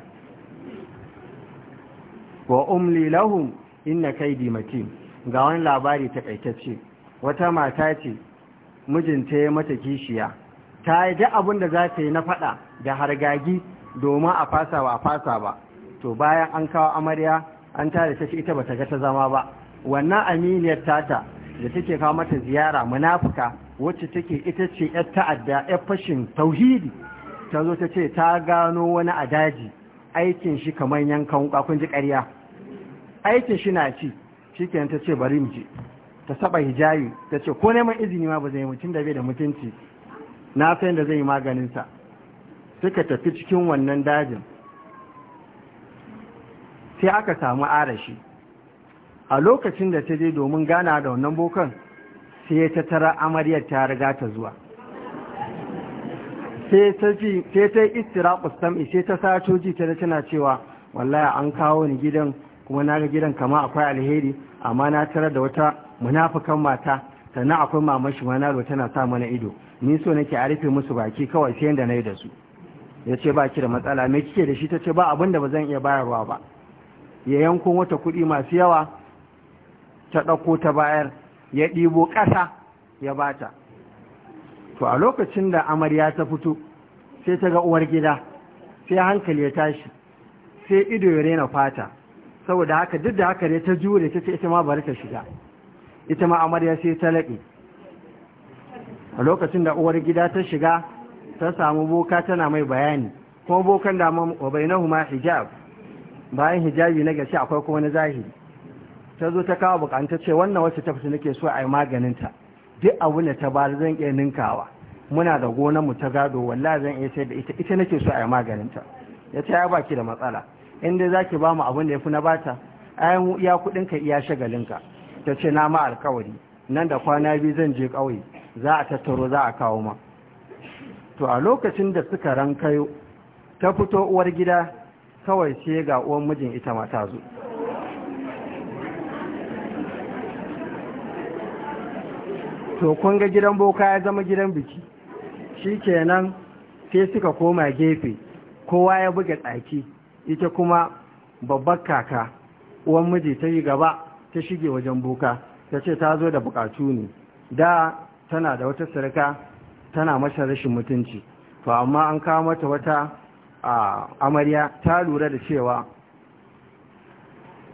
wa umli lahum inna kaidi matim ga wani labari takaitacce wata mata ce mijinta ya mata kishiya ta yi duk abin da za ta yi na faɗa da hargagi domin a fasa ba a fasa ba to bayan an kawo amarya an ta da shi ita ba ta ga ta zama ba wannan aminiyar tata da take kawo mata ziyara munafuka wacce take ita ce yar ta'adda yar fashin tauhidi ta zo ta ce ta gano wani a daji aikin shi kamar yankan kwakun ji ƙarya aikin shi na ci ke ta ce bari mu je ta saba hijabi ta ce ko neman izini ma ba zai mutum da bai da mutunci na san da zai yi maganin suka tafi cikin wannan dajin sai aka samu arashi a lokacin da ta je domin gana da wannan bokan sai ta tara amaryar ta riga ta zuwa sai ta yi istiraƙus sam'i sai ta sa coji ta da tana cewa wallaya an kawo ni gidan kuma na ga gidan kama akwai alheri amma na tarar da wata munafukan mata sannan akwai mamar shi manaro tana sa mana ido ni so nake a rufe musu baki kawai sai yanda na da su ya ce ba ki da matsala me kike da shi ta ce ba abin da ba zan iya bayarwa ba ya yanko wata kuɗi masu yawa ta ɗauko ta bayar ya ɗibo ƙasa ya bata to a lokacin da amarya ta fito sai ta ga uwar gida sai hankali ya tashi sai ido ya rena fata saboda haka duk da haka ne ta jure ta ce ita ma bari ta shiga ita ma amarya sai ta laɓe a lokacin da uwar gida ta shiga ta samu boka tana mai bayani kuma bokan da ma wa huma hijab bayan hijabi na gashi akwai kuma na zahiri ta zo ta kawo bukanta ce wannan wacce ta fita nake so a yi maganinta duk abu da ta ba zan iya ninkawa muna da gonar mu ta gado wallahi zan iya sai da ita ita nake so a yi maganinta ya ce ya baki da matsala in dai zaki ba mu abin da yafi na bata ayan iya kudin ka iya shagalin ka ce na ma alkawari nan da kwana biyu zan je ƙauye, za a tattaro za a kawo ma to a lokacin da suka rankayo ta fito uwar gida kawai sai ga uwan mijin ita ma ta zo to kun ga gidan boka ya zama gidan biki shi kenan sai suka koma gefe kowa ya buga tsaki ita kuma babbar kaka uwan miji ta yi gaba ta shige wajen buka, ta ce ta zo da bukatu ne da tana da wata sarka tana masa rashin mutunci to amma an kawo mata wata amarya ta lura da cewa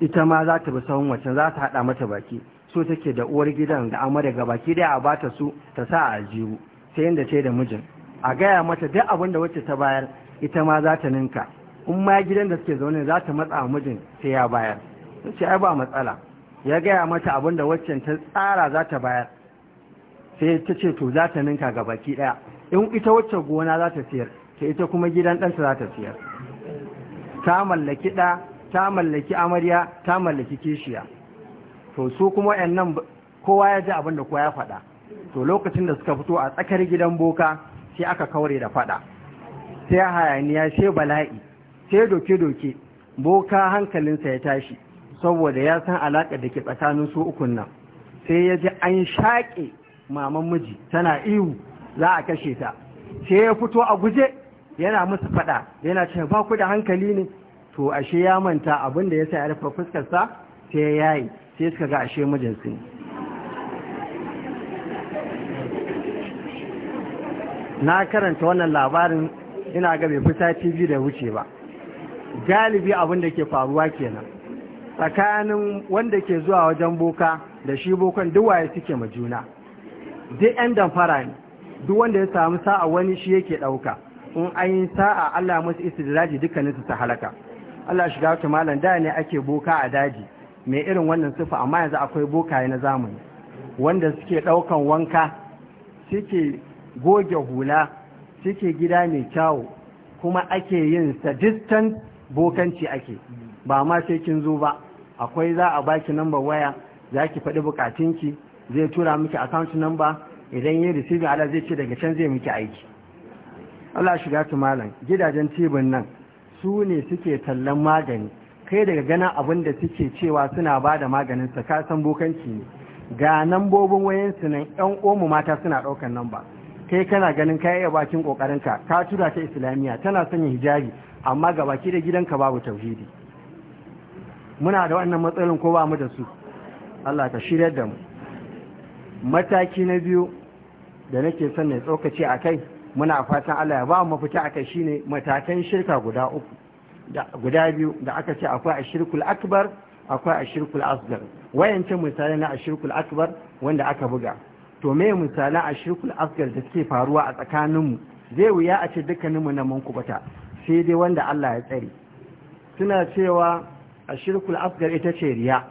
ita ma za ta bi sahun wacan za ta haɗa mata baki so take da uwar gidan da amarya ga baki dai a bata su ta sa a jiwu sai inda ce da mijin a gaya mata duk abin da wacce ta bayar ita ma za ta ninka in ma gidan da suke zaune za ta matsa wa mijin sai ya bayar sun ce ai ba matsala ya gaya mata abin da waccan ta tsara za ta bayar sai ta ce to za ta ninka ga baki ɗaya in ita wacce gona za ta siyar ta ita kuma gidan ɗansa za ta siyar ta mallaki ɗa ta mallaki amarya ta mallaki kishiya to su kuma nan kowa ya ji abin da kowa ya faɗa to lokacin da suka fito a tsakar gidan boka sai aka kaure da faɗa sai hayaniya sai bala'i sai doke-doke boka hankalinsa ya tashi saboda ya san alaƙa da ke tsakanin su ukun nan sai ya ji an shaƙe maman miji tana ihu za a kashe ta sai ya fito a guje yana musu faɗa yana ce ba ku da hankali ne to ashe ya manta abin da ya sa ya rufe fuskarsa sai ya yayi sai suka ga ashe mijinsu ne na karanta wannan labarin ina ga bai fi TV da wuce ba galibi abin da ke faruwa kenan tsakanin wanda ke zuwa wajen boka da shi bokan duk waye suke ma juna duk yan damfara ne duk wanda ya samu sa'a wani shi yake ɗauka in an yi sa'a Allah musu daji dukkanin su ta halaka Allah shiga wata malam da ne ake boka a daji mai irin wannan sifa amma yanzu akwai bokaye na zamani wanda suke ɗaukan wanka suke goge hula suke gida mai kyawu kuma ake yin sa bokanci ake ba ma sai kin zo ba akwai za a baki number waya za ki faɗi bukatunki zai tura miki account number idan yi receiving ala zai ce daga can zai miki aiki Allah shiga su malam gidajen tibin nan su ne suke tallan magani kai daga ganin abin da suke cewa suna ba da maganin sa ka san bokanci ne ga nan wayan su nan yan omu mata suna ɗaukan namba kai kana ganin ka iya bakin kokarin ka ka tura ta islamiya tana sanya hijabi amma ga baki da gidanka babu tauhidi muna da wannan matsalolin ko ba mu da su Allah ta shirya da mu mataki na biyu da nake son na tsokace a kai muna fatan Allah ya ba mu mafita a kai shine matakan shirka guda uku da guda biyu da aka ce akwai ashirkul akbar akwai ashirkul asgar wayancin misali na ashirkul akbar wanda aka buga to me misalan ashirkul asgar da suke faruwa a tsakaninmu zai wuya a ce dukkaninmu na mun kubata sai dai wanda Allah ya tsare suna cewa a shirkul afgar ita ce riya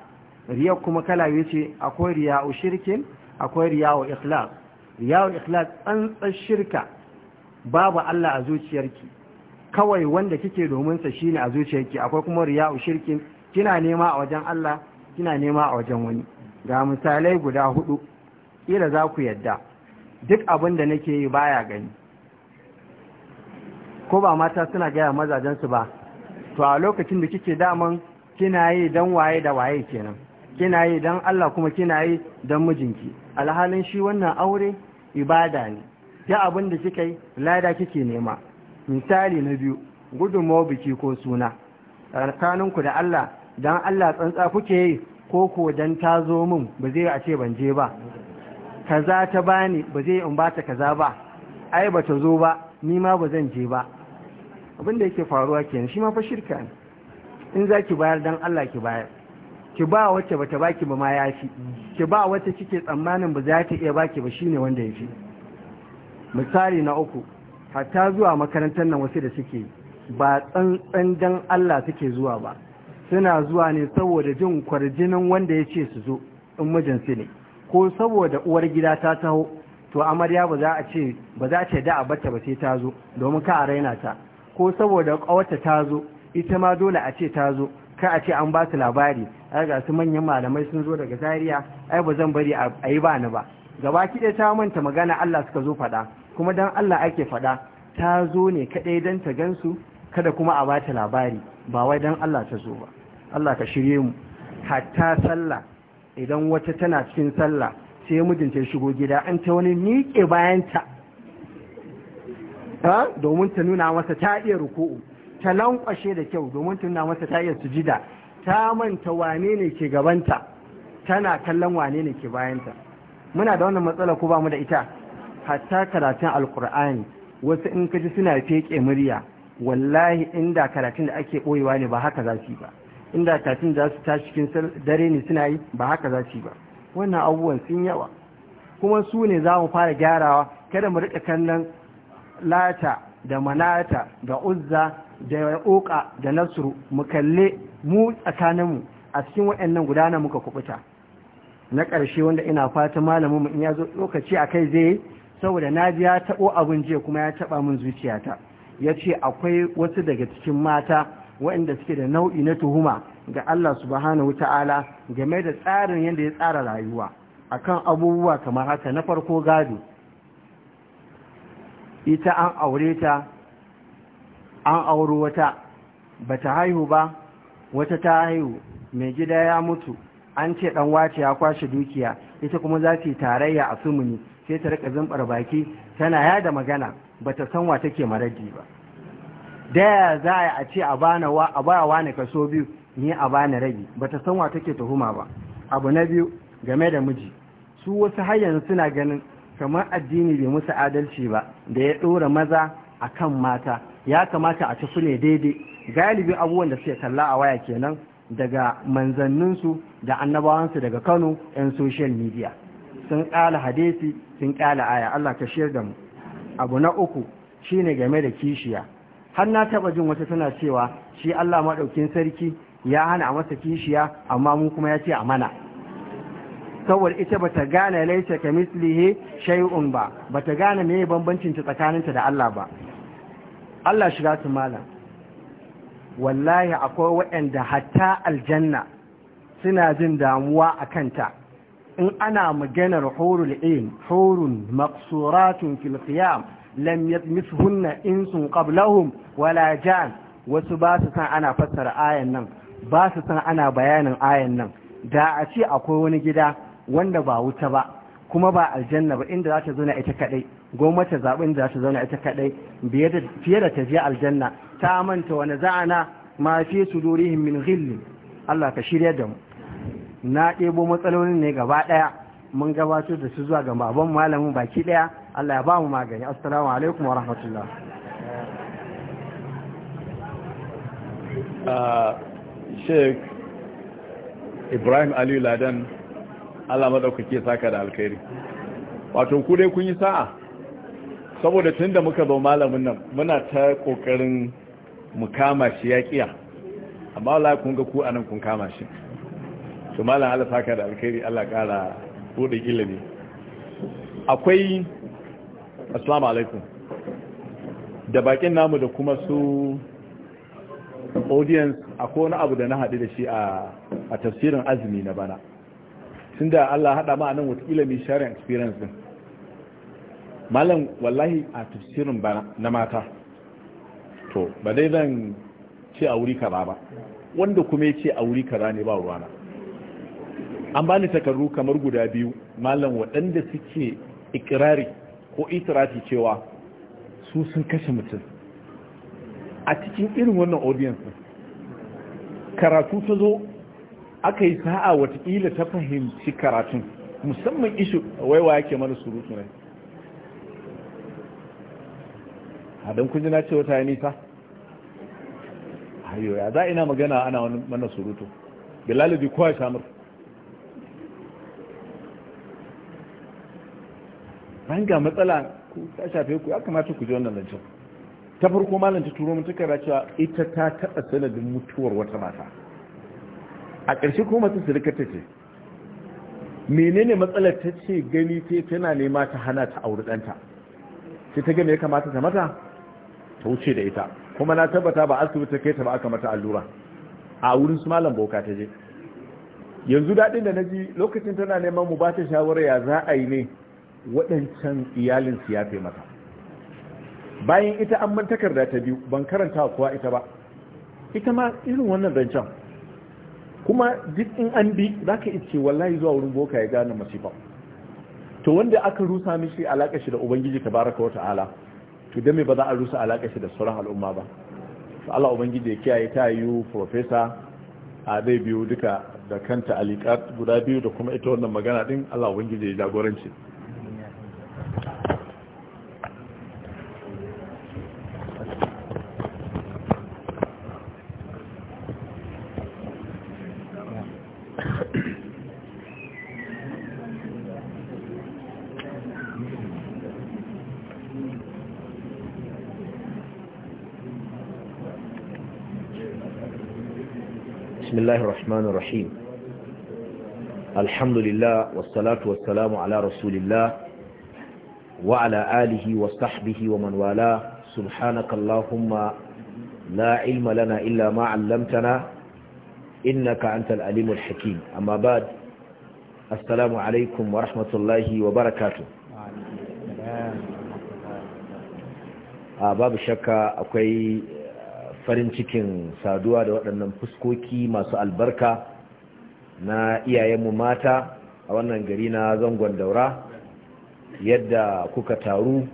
riya kuma kala ce akwai riya a shirkin akwai riya a ikhlas riya a ikhlas shirka babu Allah a zuciyarki kawai wanda kike domin sa shine a zuciyarki akwai kuma riya a shirkin kina nema a wajen Allah kina nema a wajen wani ga misalai guda hudu ira za ku yadda duk abin da nake yi baya gani ko ba mata suna gaya mazajensu ba to a lokacin da kike daman kina yi dan waye da waye kenan kina yi dan Allah kuma kina yi dan mijinki alhalin shi wannan aure ibada ne ya abin da kike yi lada kike nema misali na biyu gudunmawa biki ko suna tsakaninku da Allah dan Allah tsantsa kuke yi ko ko dan ta zo min ba zai a ce ban je ba kaza ta bani ba zai in ba ta kaza ba ai ba ta zo ba ni ma ba zan je ba abin da yake faruwa kenan shi ma fa shirka ne in za ki bayar dan Allah ki bayar ki ba wacce bata baki ba ma ya fi. ki ba wacce kike tsammanin ba za ta iya baki ba shine wanda ya fi. misali na uku hatta zuwa makarantar nan wasu da suke ba tsantsan dan Allah suke zuwa ba suna zuwa ne saboda jin kwarjinin wanda ya ce su zo in su ne ko saboda uwar gida ta taho to amarya ba za a ce ba za ta da a bata ba sai ta zo domin ka a raina ta ko saboda ƙawata ta zo ita ma dole a ce ta zo ka a ce an ba su labari a ga su manyan malamai sun zo daga Zariya. ai ba zan bari a yi ba ni ba gaba kiɗa ta manta magana Allah suka zo faɗa kuma dan Allah ake faɗa ta zo ne kaɗai dan ta gansu kada kuma a ba ta labari ba wai dan Allah ta zo ba Allah ka shirye mu hatta sallah idan wata tana cikin sallah sai mijinta ya shigo gida an ta wani miƙe bayanta domin ta nuna masa ta iya ruku'u ta lankwashe da kyau domin ta nuna masa ta iya sujida ta manta wane ne ke gabanta tana kallon wane ne ke bayanta muna da wannan matsala ko ba mu da ita hatta karatun alkur'ani wasu in ka ji suna feke murya wallahi inda karatun da ake boyewa ne ba haka za su yi ba inda karatun da su tashi cikin dare ne suna yi ba haka za su ba wannan abubuwan sun yawa kuma su ne za mu fara gyarawa kada mu rika kallon lata da manata da uzza da yauka da nasru mu kalle mu tsakaninmu a cikin waɗannan gudana muka kubuta na ƙarshe wanda ina fata malamin mu in ya zo lokaci a kai zai saboda na ji ya taɓo abin jiya kuma ya taɓa min zuciyata ya ce akwai wasu daga cikin mata waɗanda suke da nau'i na tuhuma ga Allah subhanahu ta'ala game da tsarin yadda ya tsara rayuwa akan abubuwa kamar haka na farko gado ita an aure ta an auro wata ba ta haihu ba wata ta haihu mai gida ya mutu an ce dan wace ya kwashe dukiya ita kuma za ta yi tarayya a sumuni sai ta rika zumbar baki tana yada magana ba ta san wa take maraji ba da za a ce a bana wa a ba wa ne kaso biyu ni a bana rabi ba ta san wa take tuhuma ba abu na biyu game da miji su wasu har suna ganin kamar addini bai musu adalci ba da ya ɗora maza a kan mata ya kamata a ci su ne daidai galibi abubuwan da suke kalla a waya kenan daga manzanninsu da annabawansu daga kano 'yan social media sun ƙala hadisi sun ƙala aya Allah ka shiyar da mu abu na uku shine game da kishiya har na taɓa jin wata tana cewa shi Allah maɗaukin sarki ya hana a masa kishiya amma mu kuma ya ce a mana saboda ita bata gane laisa ka mislihi shay'un ba bata gane me bambancin ta tsakaninta da Allah ba Allah shiga su malam wallahi akwai waɗanda hatta aljanna suna jin damuwa a kanta in ana maganar horul ain horun maqsuratun fil qiyam lam yatmithunna insun qablahum wala jan wasu ba su san ana fassara ayan nan ba su san ana bayanin ayan nan da a ce akwai wani gida wanda ba wuta ba kuma ba aljanna ba inda za ta zauna ita kadai gwamnati zaɓin da za ta zauna ita kadai fiye da ta je aljanna ta manta wani za'ana ma fi sudurihim min ghillin Allah ka shirya da mu na ɗebo matsalolin ne gaba ɗaya mun gabatar da su zuwa ga baban malamin baki ɗaya Allah ya ba mu magani assalamu alaikum wa rahmatullah uh, Sheikh Ibrahim Aliyu Ladan Allah madaukake saka da alkhairi wato ku dai kun yi sa'a saboda tunda muka zo malamin nan muna ta kokarin mu kama shi ya amma Allah kun ga ku anan kun kama shi to malam Allah saka da alkhairi Allah kara bude ilimi akwai assalamu alaikum da bakin namu da kuma su audience akwai wani abu da na haɗu da shi a tafsirin azumi na bana sun da Allah haɗa ma nan watakila mai sharing experience din malam wallahi a tafsirin bana na mata to ba dai zan ce a wuri kaza ba wanda kuma ya ce a wuri kaza ne ba ruwana an bani takardu kamar guda biyu malam waɗanda suke ikirari ko itirafi cewa su sun kashe mutum a cikin irin wannan audience karatu ta zo aka yi sa'a watakila ta fahimci karatun musamman ishu waiwa yake mana surutu ne hadan kun ji na ce wata ya nisa hayo ya za ina magana ana mana surutu bilalabi kowa samur bayan ga matsala ta shafe ku ya kamata ku ji wannan zancen ta farko malanta ta turo mutu cewa ita ta taɓa sanadin mutuwar wata mata a ƙarshe kuma su sirikata ce menene matsalar ta ce gani ce tana nema ta hana ta auri ɗanta sai ta gani ya kamata ta mata ta wuce da ita kuma na tabbata ba asibiti kai ta ba aka mata allura a wurin su malam boka ta je yanzu daɗin da na ji lokacin tana neman mu ba ta shawara ya za a yi ne waɗancan iyalin su ya mata bayan ita an mantakar da ta biyu ban karanta kowa ita ba ita ma irin wannan rancen. kuma duk in an bi za ka ice wallahi zuwa wurin boka ya gane masifa to wanda aka rusa mishi alaƙa shi da ubangiji baraka wa ta'ala to dame ba za a rusa alaƙa shi da sauran al'umma ba to Allah ubangiji ya kiyaye ta yi Profesa a zai biyu duka da kanta alikat guda biyu da kuma ita wannan magana din Allah ubangiji ya jagoranci الرحمن الرحيم الحمد لله والصلاة والسلام على رسول الله وعلى آله وصحبه ومن والاه سبحانك اللهم لا علم لنا إلا ما علمتنا إنك أنت الأليم الحكيم أما بعد السلام عليكم ورحمة الله وبركاته babu shakka akwai farin cikin saduwa da waɗannan fuskoki masu albarka na iyayenmu mata a wannan gari na zangon daura yadda kuka taru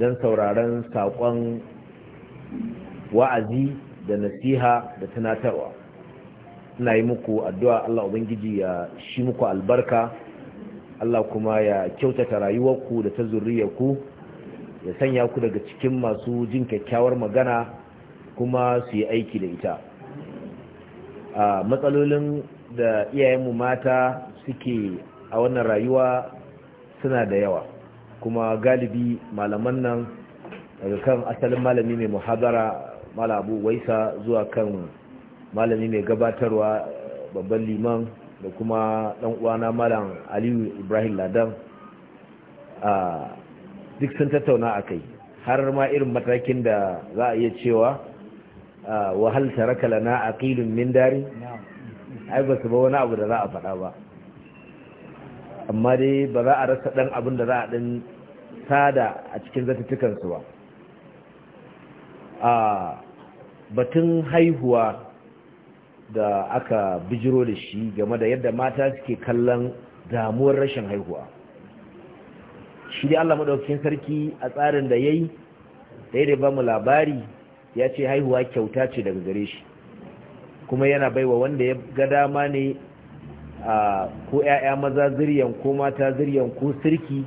don sauraron saƙon wa'azi da nasiha da tunatarwa ina yi muku addu'a Allah Ubangiji ya shi muku albarka Allah kuma ya kyautata rayuwarku da ta zurriyarku ya sanya ku daga cikin masu jin kyakkyawar magana kuma su yi aiki da ita a matsalolin da iyayenmu mata suke a wannan rayuwa suna da yawa kuma galibi malaman nan daga kan asalin malami mai muhabara malabu waisa zuwa kan malami mai gabatarwa babban liman da kuma dan uwana malam aliyu ibrahim ladan a duk sun tattauna a kai har ma irin matakin da za a iya cewa wa hal taraka lana aqilun min dari ai ba su ba wani abu da za a faɗa ba amma dai ba za a rasa ɗan abin da za a ɗan sada a cikin zatattukansu ba a batun haihuwa da aka bijiro da shi game da yadda mata suke kallon damuwar rashin haihuwa shi dai allah maɗaukacin sarki a tsarin da ya yi da ya ba mu labari ya ce haihuwa kyauta ce daga gare shi kuma yana baiwa wanda ya ga dama ne a ko 'ya'ya maza ziryan ko mata ziryan ko sirki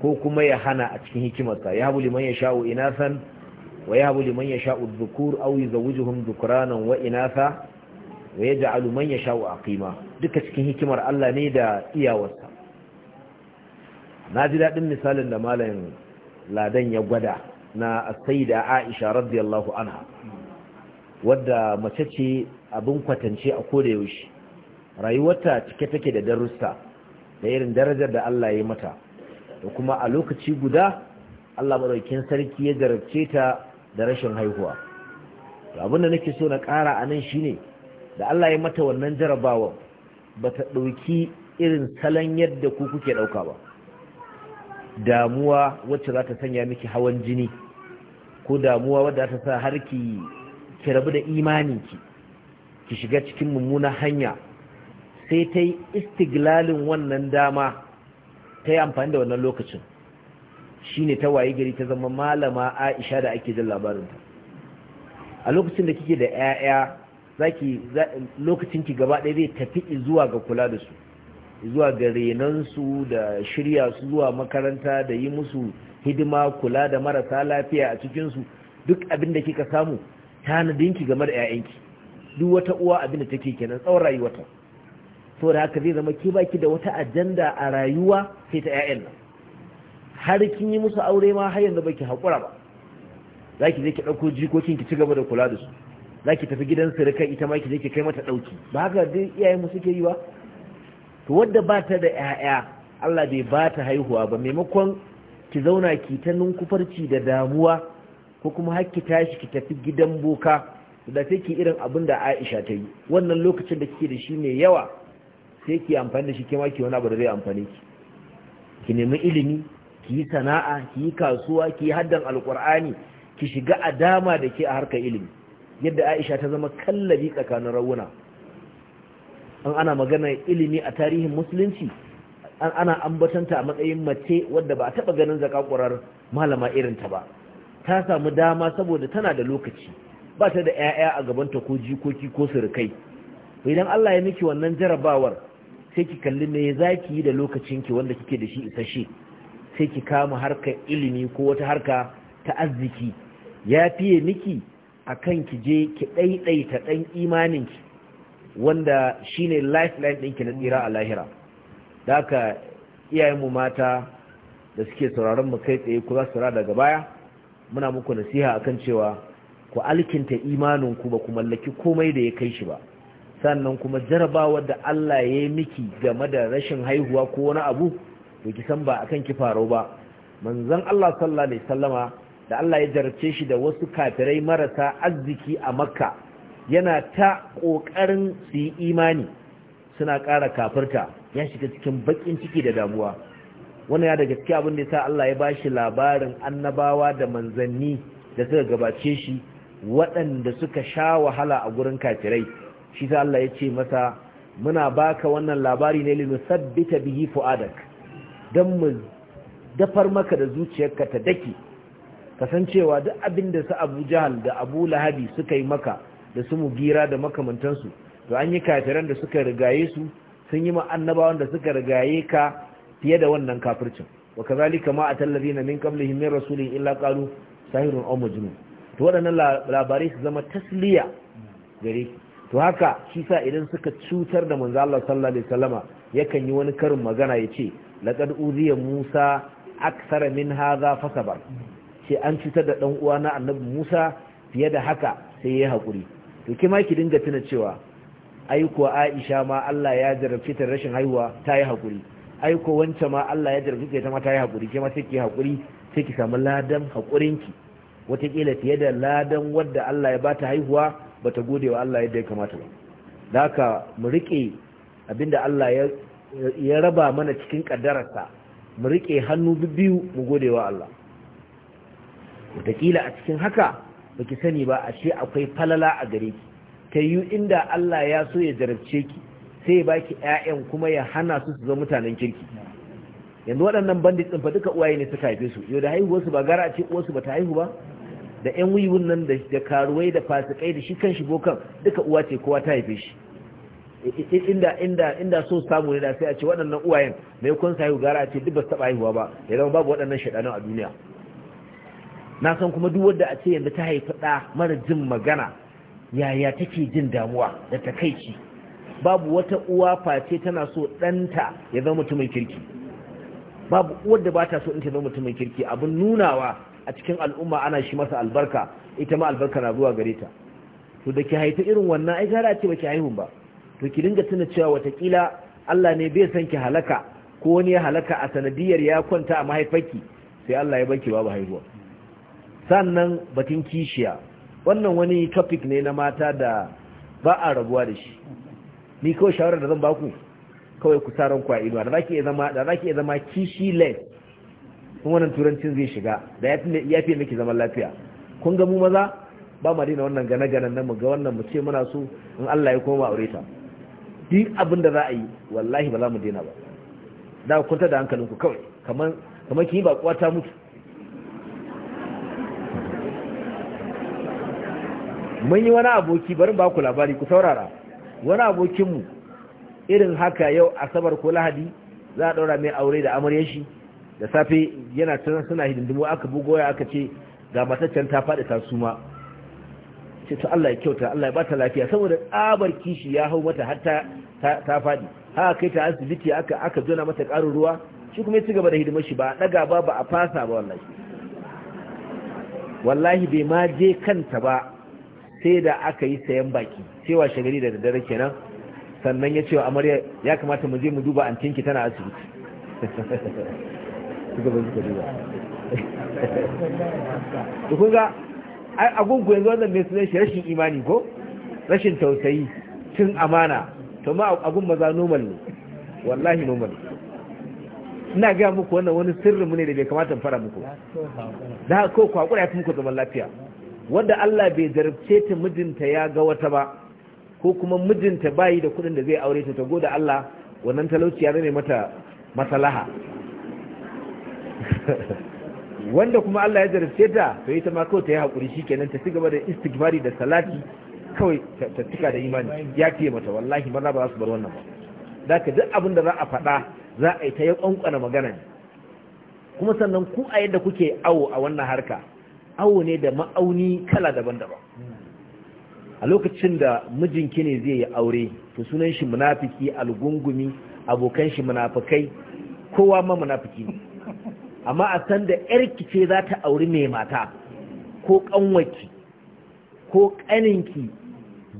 ko kuma ya hana a cikin hikimarsa ya habu liman ya sha'u inasan wa ya habu liman ya sha'u dhukur aw yuzawwijuhum dhukranan wa inasa wa yaj'alu man ya sha'u aqima duka cikin hikimar Allah ne da iyawarsa na ji dadin misalin da malamin ladan ya gwada na saida aisha radiyallahu anha wadda mace ce abin kwatance a kore yaushe rayuwarta cike take da darussa da irin darajar da Allah ya mata da kuma a lokaci guda Allah madaukin sarki ya jarabce ta da rashin haihuwa to abin da nake so na ƙara a nan shine da Allah ya mata wannan jarabawa bata ɗauki irin salon yadda ku kuke ɗauka ba damuwa wacce za ta sanya miki hawan jini ko damuwa wadda ta sa har ki ki rabu da imaninki ki ki shiga cikin mummunan hanya sai ta yi istiglalin wannan dama ta yi amfani da wannan lokacin shi ne ta waye gari ta zama malama aisha da ake jin labarinta a lokacin da kike da 'ya'ya lokacin ki gaba ɗaya zai tafi zuwa ga kula da su zuwa ga su da shirya su zuwa makaranta da yi musu hidima kula da marasa lafiya a cikinsu duk abin da kika samu tanadinki game da 'ya'yanki duk wata uwa abin da take kenan tsawon rayuwarta so da haka zai zama ke baki da wata ajanda a rayuwa sai ta 'ya'yan nan har kin yi musu aure ma har yanzu baki haƙura ba za ki je ki ɗauko jikokin ki ci gaba da kula da su za ki tafi gidan sirika ita ma ki je ki kai mata ɗauki ba haka dai iyayen mu suke yi ba to wadda ba ta da 'ya'ya Allah bai ba ta haihuwa ba maimakon ki zauna ki ta nunkufarci da damuwa ko kuma har tashi ki tafi gidan boka da sai ki irin abin da Aisha ta yi wannan lokacin da kike da shi mai yawa sai ki amfani da shi kima ki wani abu da zai amfane ki ki nemi ilimi ki yi sana'a ki yi kasuwa ki yi haddan alkur'ani ki shiga a dama da ke a harkar ilimi yadda Aisha ta zama kallabi tsakanin rawuna an ana magana ilimi a tarihin musulunci an ana ambatanta a matsayin mace wadda ba a taba ganin zakakurar malama irinta ba ta samu dama saboda tana da lokaci ba ta da 'ya'ya a gabanta ko jikoki ko surukai idan Allah ya miki wannan jarabawar sai ki kalli me za ki yi da lokacinki wanda kike da shi isasshe sai ki kama harka ilimi ko wata harka ta arziki ya fiye miki akan ki je ki ɗaiɗaita ɗan imaninki wanda shine lifeline ɗinki na tsira a lahira da haka iyayenmu mata da suke sauraron mu kai tsaye ku za su daga baya muna muku nasiha akan cewa ku alkinta imaninku ba ku mallaki komai da ya kai shi ba sannan kuma jarabawar da Allah ya yi miki game da rashin haihuwa ko wani abu to ki san ba akan ki faro ba manzon Allah sallallahu alaihi sallama da Allah ya jarabce shi da wasu kafirai marasa arziki a Makka yana ta ƙoƙarin su yi imani suna ƙara kafirta ya shiga cikin baƙin ciki da damuwa wannan ya daga cikin abin da ya sa Allah ya ba shi labarin annabawa da manzanni da suka gabace shi waɗanda suka sha wahala a gurin kafirai shi sa Allah ya ce masa muna baka wannan labari ne linu sabbita bihi fu'adak dan mu dafar maka da zuciyarka ta daki? kasancewa duk abin da su Abu Jahal da Abu Lahabi suka yi maka da su mu gira da makamantansu to an yi kafiran da suka rigaye su sun yi annabawan da suka rigaye ka fiye da wannan kafircin wa kazalika ma na min qablihim min rasulin illa qalu sahirun aw majnun to waɗannan labarai su zama tasliya gare ki to haka shi sa idan suka cutar da manzo Allah sallallahu alaihi wasallama yakan yi wani karin magana yace laqad uziya Musa aksara min fasa fasabar ce an cutar da dan uwa na annabi Musa fiye da haka sai ya hakuri to ki ma ki dinga tuna cewa aiko Aisha ma Allah ya jarabci ta rashin haihuwa ta yi hakuri aiko wancan ma Allah ya jarabci ta ma ta yi hakuri ke ma sai ki hakuri sai ki samu ladan hakurinki watakila fiye da ladan wadda Allah ya bata haihuwa bata gode wa Allah yadda ya kamata ba da haka mu rike abinda Allah ya ya raba mana cikin kaddararsa mu rike hannu biyu mu gode wa Allah watakila a cikin haka baki sani ba ashe akwai falala a gare ki ta yi inda Allah ya so ya jarabce ki sai ya baki ƴaƴan kuma ya hana su su zama mutanen kirki yanzu waɗannan bandit ɗin fa duka uwaye ne suka haife su yau da haihuwar su ba gara a ce uwarsu ba ta haihu ba da ƴan wiwun nan da karuwai da fasikai da shi kan shi bokan duka uwa ce kowa ta haife shi inda inda inda so samu ne da sai a ce waɗannan uwayen mai kun sa haihu gara a ce duk ba su taɓa haihuwa ba ya zama babu waɗannan shaɗanan a duniya na san kuma duk wanda a ce yanzu ta haifi ɗa mara jin magana yaya take jin damuwa da ta takaici babu wata uwa face tana so ɗanta ya zama mutumin kirki babu uwar da ba ta so in ta zama mutumin kirki abin nunawa a cikin al'umma ana shi masa albarka ita ma albarka na zuwa gare ta to da ki haifi irin wannan ai gara ce baki haihu ba to ki dinga tuna cewa watakila Allah ne bai san ki halaka ko wani ya halaka a sanadiyar ya kwanta a mahaifarki sai Allah ya baki babu haihuwa sannan batun kishiya wannan wani topic ne na mata da ba a rabuwa da shi ni kawai shawarar da zan ba ku kawai ku taron kwa ido da zaki zama zama kishi less kun wannan turancin zai shiga da ya fi miki zaman lafiya kun ga mu maza ba ma daina wannan gane ganen nan mu ga wannan mu ce muna so in Allah ya koma aure ta duk abin da za a yi wallahi ba za mu daina ba da ku kwanta da hankalinku kawai kamar kamar ba kuwa ta mutu mun yi wani aboki bari ba ku labari ku saurara wani abokinmu irin haka yau asabar ko lahadi za a ɗaura mai aure da amaryar shi da safe yana tunan suna hidindimu aka bugo ya aka ce ga mataccen ta faɗi ta suma ce to Allah ya kyauta Allah ya bata lafiya saboda tsabar kishi ya hau mata har ta faɗi haka kai ta asibiti aka aka jona mata ƙarin ruwa shi kuma ya ci gaba da hidimar shi ba a ɗaga ba ba a fasa ba wallahi wallahi bai ma je kanta ba sai da aka yi sayan baki cewa shagari da daddare kenan sannan ya cewa amarya ya kamata mu je mu duba antinki tana asibiti suka kun ga a yanzu wannan mai sunan shi rashin imani ko rashin tausayi cin amana to ma a gun maza normal ne wallahi normal ina ga muku wannan wani sirrinmu ne da bai kamata mu fara muku da ko ku ya fi muku zaman lafiya Wanda Allah bai jarabce ta mijinta ya ga wata ba ko kuma mijinta bayi da kudin da zai aure ta tago da Allah wannan talauci ya zame mata masalaha wanda kuma Allah ya jarabce ta to ita ma kawai ta yi hakuri shikenan ta cigaba da istighfari da salati kawai ta cika da imani ya fiye mata wallahi maza ba za su bar wannan ba da ka duk abin da za a faɗa za a yi ta ya ƙwanƙwana magana kuma sannan ku a yadda kuke awo a wannan harka awo ne da ma'auni kala daban-daban a lokacin da mijinki ne zai yi aure to sunan shi munafiki algungumi abokan shi munafikai kowa ma munafiki ne amma a san da yarki ce za ta auri mai mata ko kanwaki ko kaninki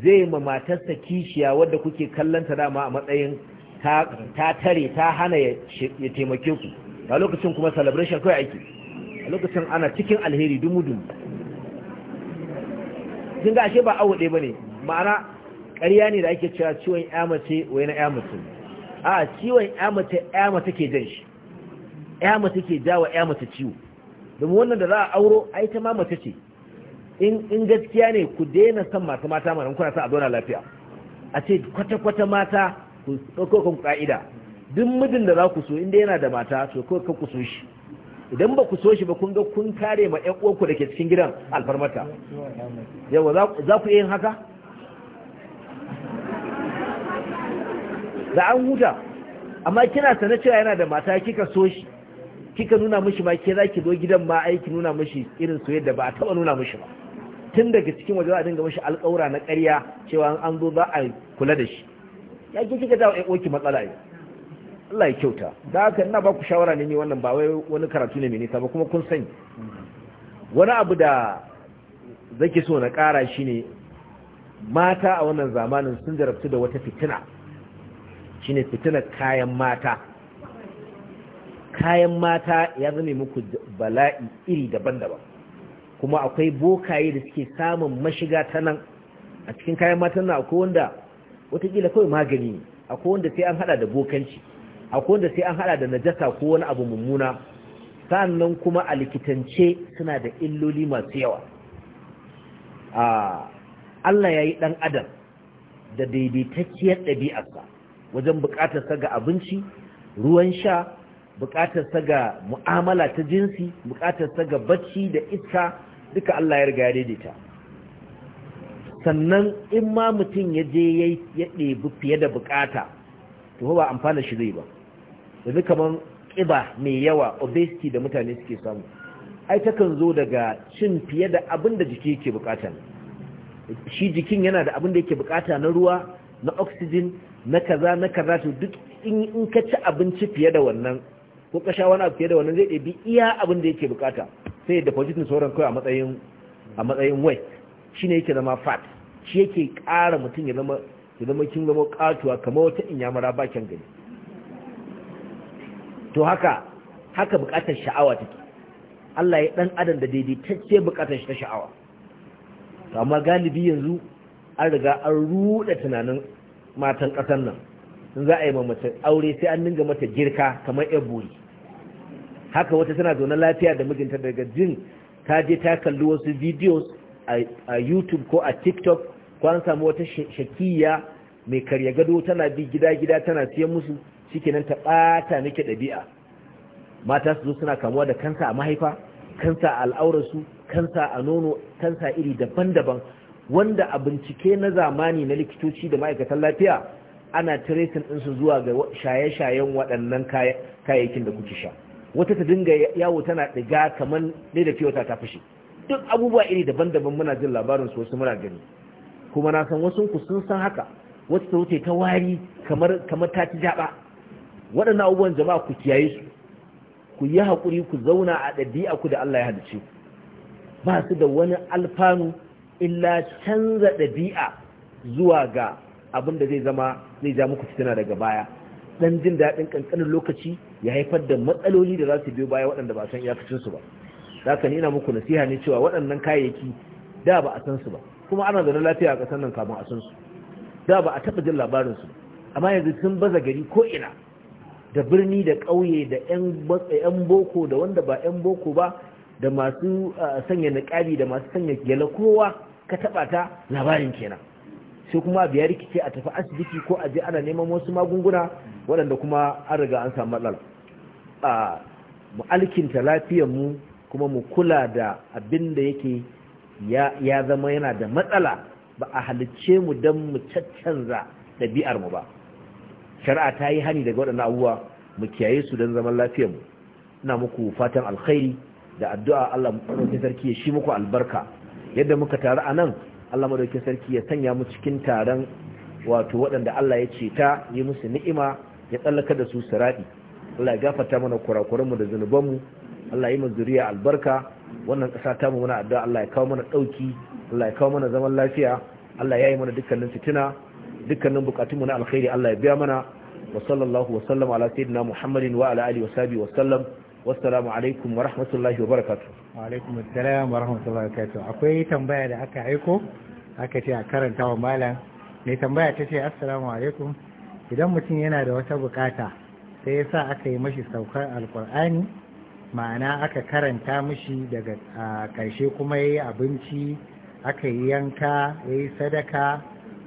zai ma matarsa kishiya wadda kuke kallanta dama a matsayin ta tare ta hana ya taimake ku a lokacin kuma celebration kawai ake a lokacin ana cikin alheri dumudun sun ga ashe ba awo ɗaya ba ne ma'ana ƙarya ne da ake cewa ciwon yamace wai na yamace a ciwon yamace yamace ke jan shi yamace ke jawa yamace ciwo domin wannan da za a auro a yi ta mace ce in gaskiya ne ku daina son mata mata mana kuna sa a zauna lafiya a ce kwata-kwata mata ku ɗauko kan ƙa'ida duk mijin da za ku so inda yana da mata to kawai ku so idan ba ku so shi ba kun ga kun kare ma ƴan uwanku da ke cikin gidan alfarmata yawa za ku yin haka da an huta amma kina sana cewa yana da mata kika so shi kika nuna mishi ma ke za ki zo gidan ma aiki nuna mishi irin soyayya da ba a taba nuna mishi ba tun daga cikin waje za a dinga mishi alƙawura na ƙarya cewa an zo za a kula da shi ya ke kika dawo ƴan uwanki matsala yau Allah ya kyauta da haka ina ba ku shawara ne ni wannan ba wai wani karatu ne mai nisa ba kuma kun sani wani abu da zake so na shi shine mata a wannan zamanin sun jarabtu da wata fitina shine fitina kayan mata kayan mata ya zame muku bala'i iri daban-daban kuma akwai bokaye da suke samun mashiga ta nan a cikin kayan matan na akwai wanda watakila kawai magani ne akwai wanda sai an hada da bokanci akwai da sai an hada da najasa ko wani abu mummuna sannan kuma a likitance suna da illoli masu yawa Allah ya yi ɗan adam da daidaitacciyar ɗabi'arsa wajen buƙatarsa ga abinci ruwan sha buƙatarsa ga mu'amala ta jinsi buƙatarsa ga bacci da iska duka Allah ya riga ya daidaita sannan in ma mutum ya je ya ɗebi fiye da buƙata to ba amfana shi zai ba yanzu kaman ƙiba mai yawa obesity da mutane suke samu ai takan zo daga cin fiye da abin da jiki yake bukata shi jikin yana da abin da yake bukata na ruwa na oxygen na kaza na kaza to duk in ka ci abinci fiye da wannan ko ka sha wani abu fiye da wannan zai ɗabi iya abin da yake bukata sai da fajitin sauran kawai a matsayin a matsayin weight shine yake zama fat shi yake ƙara mutum ya zama ya zama kin zama katuwa kamar wata inyamara bakin gani to haka haka bukatar sha'awa take Allah ya dan adam da daidaitacce bukatar shi ta sha'awa to amma galibi yanzu an riga an rude tunanin matan ƙasar nan in za a yi mace aure sai an dinga mata girka kamar yan buri haka wata tana zaune lafiya da mijinta daga jin ta je ta kalli wasu videos a youtube ko a tiktok ko an samu wata shakiya mai karya gado tana bi gida-gida tana siyan musu nan ta ɓata miki ɗabi'a mata su zo suna kamuwa da kansa a mahaifa kansa a al'aurarsu kansa a nono kansa iri daban-daban wanda a bincike na zamani na likitoci da ma'aikatan lafiya ana tracing su zuwa ga shaye-shayen waɗannan kayayyakin da kuke sha wata ta dinga yawo tana ɗiga kamar ne da ta fashe. duk abubuwa iri daban-daban muna jin labarin su wasu muna gani kuma na san wasu ku sun san haka wata ta wuce ta wari kamar kamar ta ci jaba waɗannan abubuwan jama'a ku kiyaye su ku yi haƙuri ku zauna a ɗabi'a ku da Allah ya halice ba su da wani alfanu illa canza ɗabi'a zuwa ga abin da zai zama zai ja muku fitina daga baya dan jin daɗin ƙanƙanin lokaci ya haifar da matsaloli da za su biyo baya waɗanda ba san iyakacin su ba Za ni ina muku nasiha ne cewa waɗannan kayayyaki da ba a san su ba kuma ana zaune lafiya a ƙasar nan kafin a san su da ba a taɓa jin labarin su amma yanzu sun baza gari ko ina da birni da ƙauye da 'yan boko da wanda ba 'yan boko ba da masu sanya niƙabi da masu sanya gyala kowa ka taɓa ta labarin kenan sai kuma biya rikice a tafi asibiti ko a je ana neman wasu magunguna waɗanda kuma an riga an samu matsala a mu alkinta lafiyar mu kuma mu kula da abin da yake ya zama yana da matsala ba a halicce mu don mu caccanza ɗabi'ar mu ba shari'a ta yi hani daga waɗannan abubuwa mu kiyaye su don zaman lafiyar mu ina muku fatan alkhairi da addu'a Allah madaukakin sarki ya shi muku albarka yadda muka taru a nan Allah madaukakin sarki ya sanya mu cikin taron wato waɗanda Allah ya ce ta yi musu ni'ima ya tsallaka da su siradi Allah ya gafarta mana mu da mu Allah ya yi zuriya albarka wannan ƙasa ta mu muna addu'a Allah ya kawo mana ɗauki Allah ya kawo mana zaman lafiya Allah ya yi mana dukkanin fitina dukkanin bukatunmu na alkhairi Allah ya biya mana wa sallallahu wa sallam ala sayyidina Muhammadin wa ala alihi wa sahbihi wa sallam wassalamu alaikum wa rahmatullahi wa barakatuh wa alaikum assalam wa rahmatullahi wa barakatuh akwai tambaya da aka aiko aka ce a karanta wa malam mai tambaya ta ce assalamu alaikum idan mutum yana da wata bukata sai ya sa aka yi mashi saukar alkur'ani ma'ana aka karanta mashi daga ƙarshe kuma ya yi abinci aka yi yanka ya yi sadaka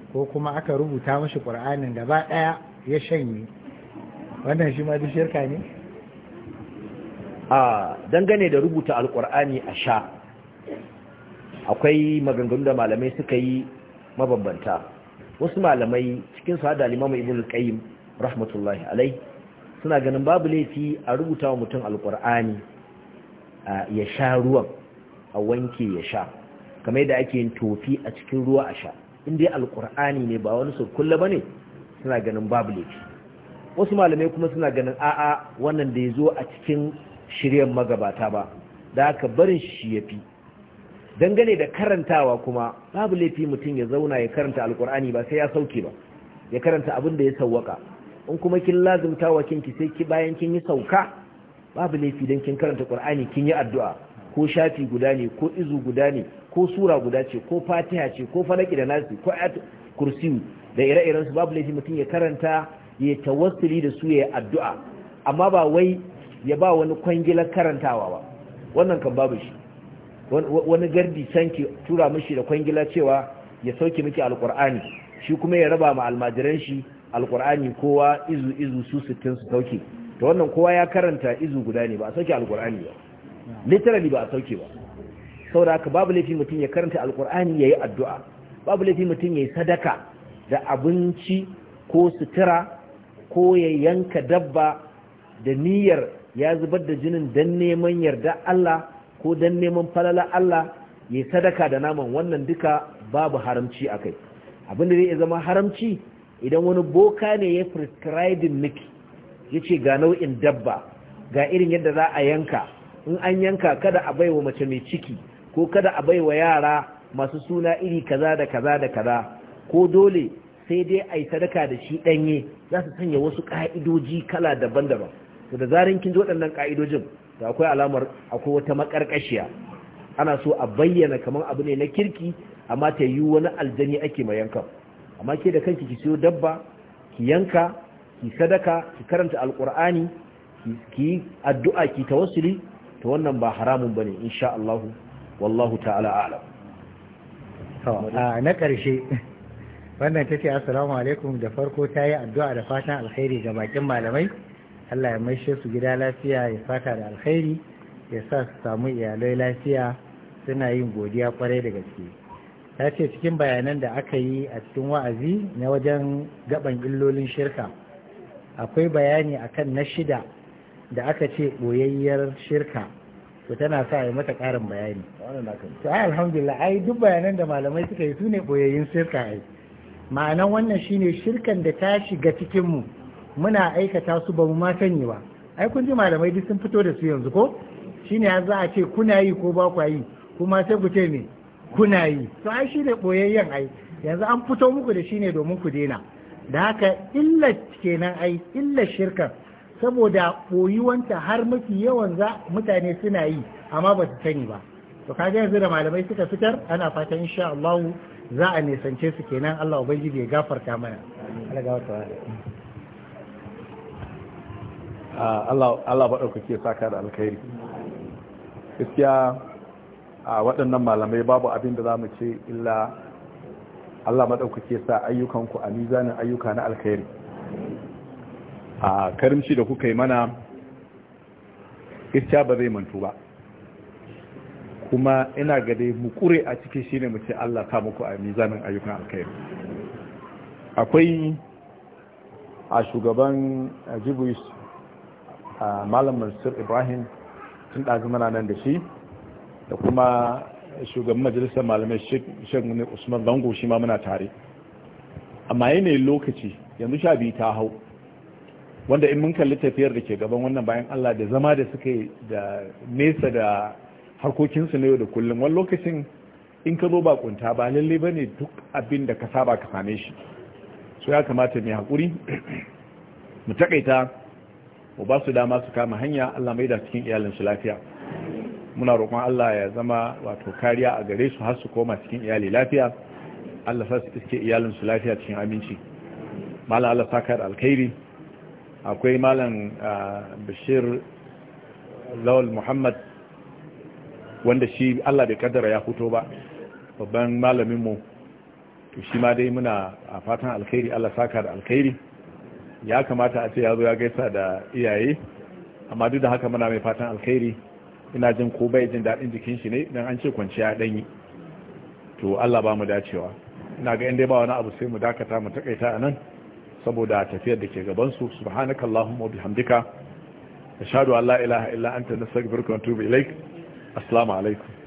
ko kuma aka rubuta mashi ƙur'anin gaba ɗaya ya shanye wannan shi ma duk shirka ne dangane da rubuta alƙur'ani a sha akwai maganganu da malamai suka yi mabambanta wasu malamai cikin su hada limamu ibn qayyim rahmatullahi alai suna ganin babu laifi a rubuta wa mutum alƙur'ani ya sha ruwan a wanke ya sha kamar yadda ake yin tofi a cikin ruwa a sha in dai alkur'ani ne ba wani surkulle ba ne suna ganin babu laifi wasu malamai kuma suna ganin a'a wannan da ya zo a cikin shiryar magabata ba da haka barin shi ya fi dangane da karantawa kuma babu laifi mutum ya zauna ya karanta alkur'ani ba sai ya sauke ba ya karanta abin da ya sauwaka in kuma kin lazimtawa wa kinki sai ki bayan kin yi sauka babu laifi don kin karanta qur'ani kin yi addu'a ko shafi guda ne ko izu guda ne ko sura guda ce ko fatiha ce ko falaki da nasi ko ayat kursiyu da ire-iren su babu laifi mutum ya karanta ya tawassuli da su ya addu'a amma ba wai ya ba wani kwangilar karantawa ba wannan kan babu shi wani gardi sanke ke tura mishi da kwangila cewa ya sauke miki alkur'ani shi kuma ya raba ma almajiran shi alkur'ani kowa izu izu su sittin su sauke to wannan kowa ya karanta izu guda ne ba a sauke alkur'ani ba literally ba a sauke ba saboda haka babu laifi mutum ya karanta alkur'ani ya yi addu'a babu laifi mutum ya yi sadaka da abinci ko sutura ko ya yanka dabba da niyyar ya zubar da jinin don neman yarda Allah ko don neman falala Allah ya sadaka da naman wannan duka babu haramci a kai da zai zama haramci idan wani boka ne ya prescribing miki ya ce ga nau'in dabba ga irin yadda za a yanka in an yanka kada a bai wa mace mai ciki ko kada a bai wa yara masu suna iri kaza da kaza da kaza ko dole sai dai a yi sadaka da shi ɗanye za su sanya wasu ƙa'idoji kala daban-daban to da zarin kin ji waɗannan ƙa'idojin to akwai alamar akwai wata maƙarƙashiya ana so a bayyana kamar abu ne na kirki amma ta yi wani aljani ake ma yankan amma ke da kanki ki siyo dabba ki yanka ki sadaka ki karanta alƙur'ani ki addu'a ki tawassuli to wannan ba haramun bane insha Allahu wallahu ta'ala a'lam na ƙarshe wannan ta ce assalamu alaikum da farko ta yi addu'a da fatan alkhairi ga bakin malamai Allah ya maishe su gida lafiya ya saka da alkhairi ya sa su samu iyalai lafiya suna yin godiya kwarai da gaske ta ce cikin bayanan da aka yi a cikin wa'azi na wajen gaban illolin shirka akwai bayani akan na shida da aka ce boyayyar shirka to tana sa ya mata ƙarin bayani to ai alhamdulillah ai duk bayanan da malamai suka yi sune boyayyin shirka ai ma'anan wannan shine shirkan da ta shiga cikin mu muna aikata su ba mu ma sani ba ai kun ji malamai duk sun fito da su yanzu ko shine za a ce kuna yi ko ba ku yi kuma sai ku ce ne kuna yi to ai shi boyayyen ai yanzu an fito muku da shi ne domin ku daina da haka illa kenan ai illa shirkan. saboda ɓoyuwanta har mafi yawan za mutane suna yi amma ba su sani ba to kaga yanzu da malamai suka fitar ana fatan insha Allah za a nisance su kenan Allah ubangiji ya gafarta mana Allah ba ah, ke saka da alkhairi gaskiya a waɗannan malamai babu abin da za mu ce illa Allah maɗaukake sa ayyukanku a mizanin ayyuka na alkhairi a karimci da kuka yi mana iska ba zai mantu ba kuma ina ga dai mu kure a ciki shine mu ce Allah ta muku a mizanin ayyukan alkhairi akwai a shugaban Jibus Malam Mansur Ibrahim tun ɗazu mana nan da shi da kuma shugaban majalisar malamai Sheikh Usman Bango shi ma muna tare amma yanayin lokaci yanzu sha biyu ta hau wanda in mun kalli tafiyar da ke gaban wannan bayan Allah da zama da suka yi da nesa da harkokinsu na yau da kullum wani lokacin in ka zo bakunta ba lalle ba ne duk abin da ka saba ka same shi so ya kamata mai haƙuri mu taƙaita mu ba su dama su kama hanya Allah mai da cikin iyalin lafiya muna roƙon Allah ya zama wato kariya a gare su har su koma cikin iyali lafiya Allah sa su iske iyalinsu lafiya cikin aminci mala Allah saka da alkhairi akwai malam ah, bashir lawal muhammad wanda shi allah bai kaddara ya fito ba babban malaminmu to shi ma dai muna a ah, fatan alkhairi allah saka da alkhairi ya kamata a ce ya zo ya gaisa da iyaye amma duk da haka muna mai fatan alkhairi ina jin ko bai jin daɗin jikin shi ne don an ce kwanciya ɗanyi to allah ba mu dacewa ina ga inda ba wani abu sai mu dakata mu takaita a nan saboda tafiyar da ke gabansu subhanaka allahumma wa bihamdika ashhadu an la ilaha illa anta nastaghfiruka wa atubu ilaik assalamu alaikum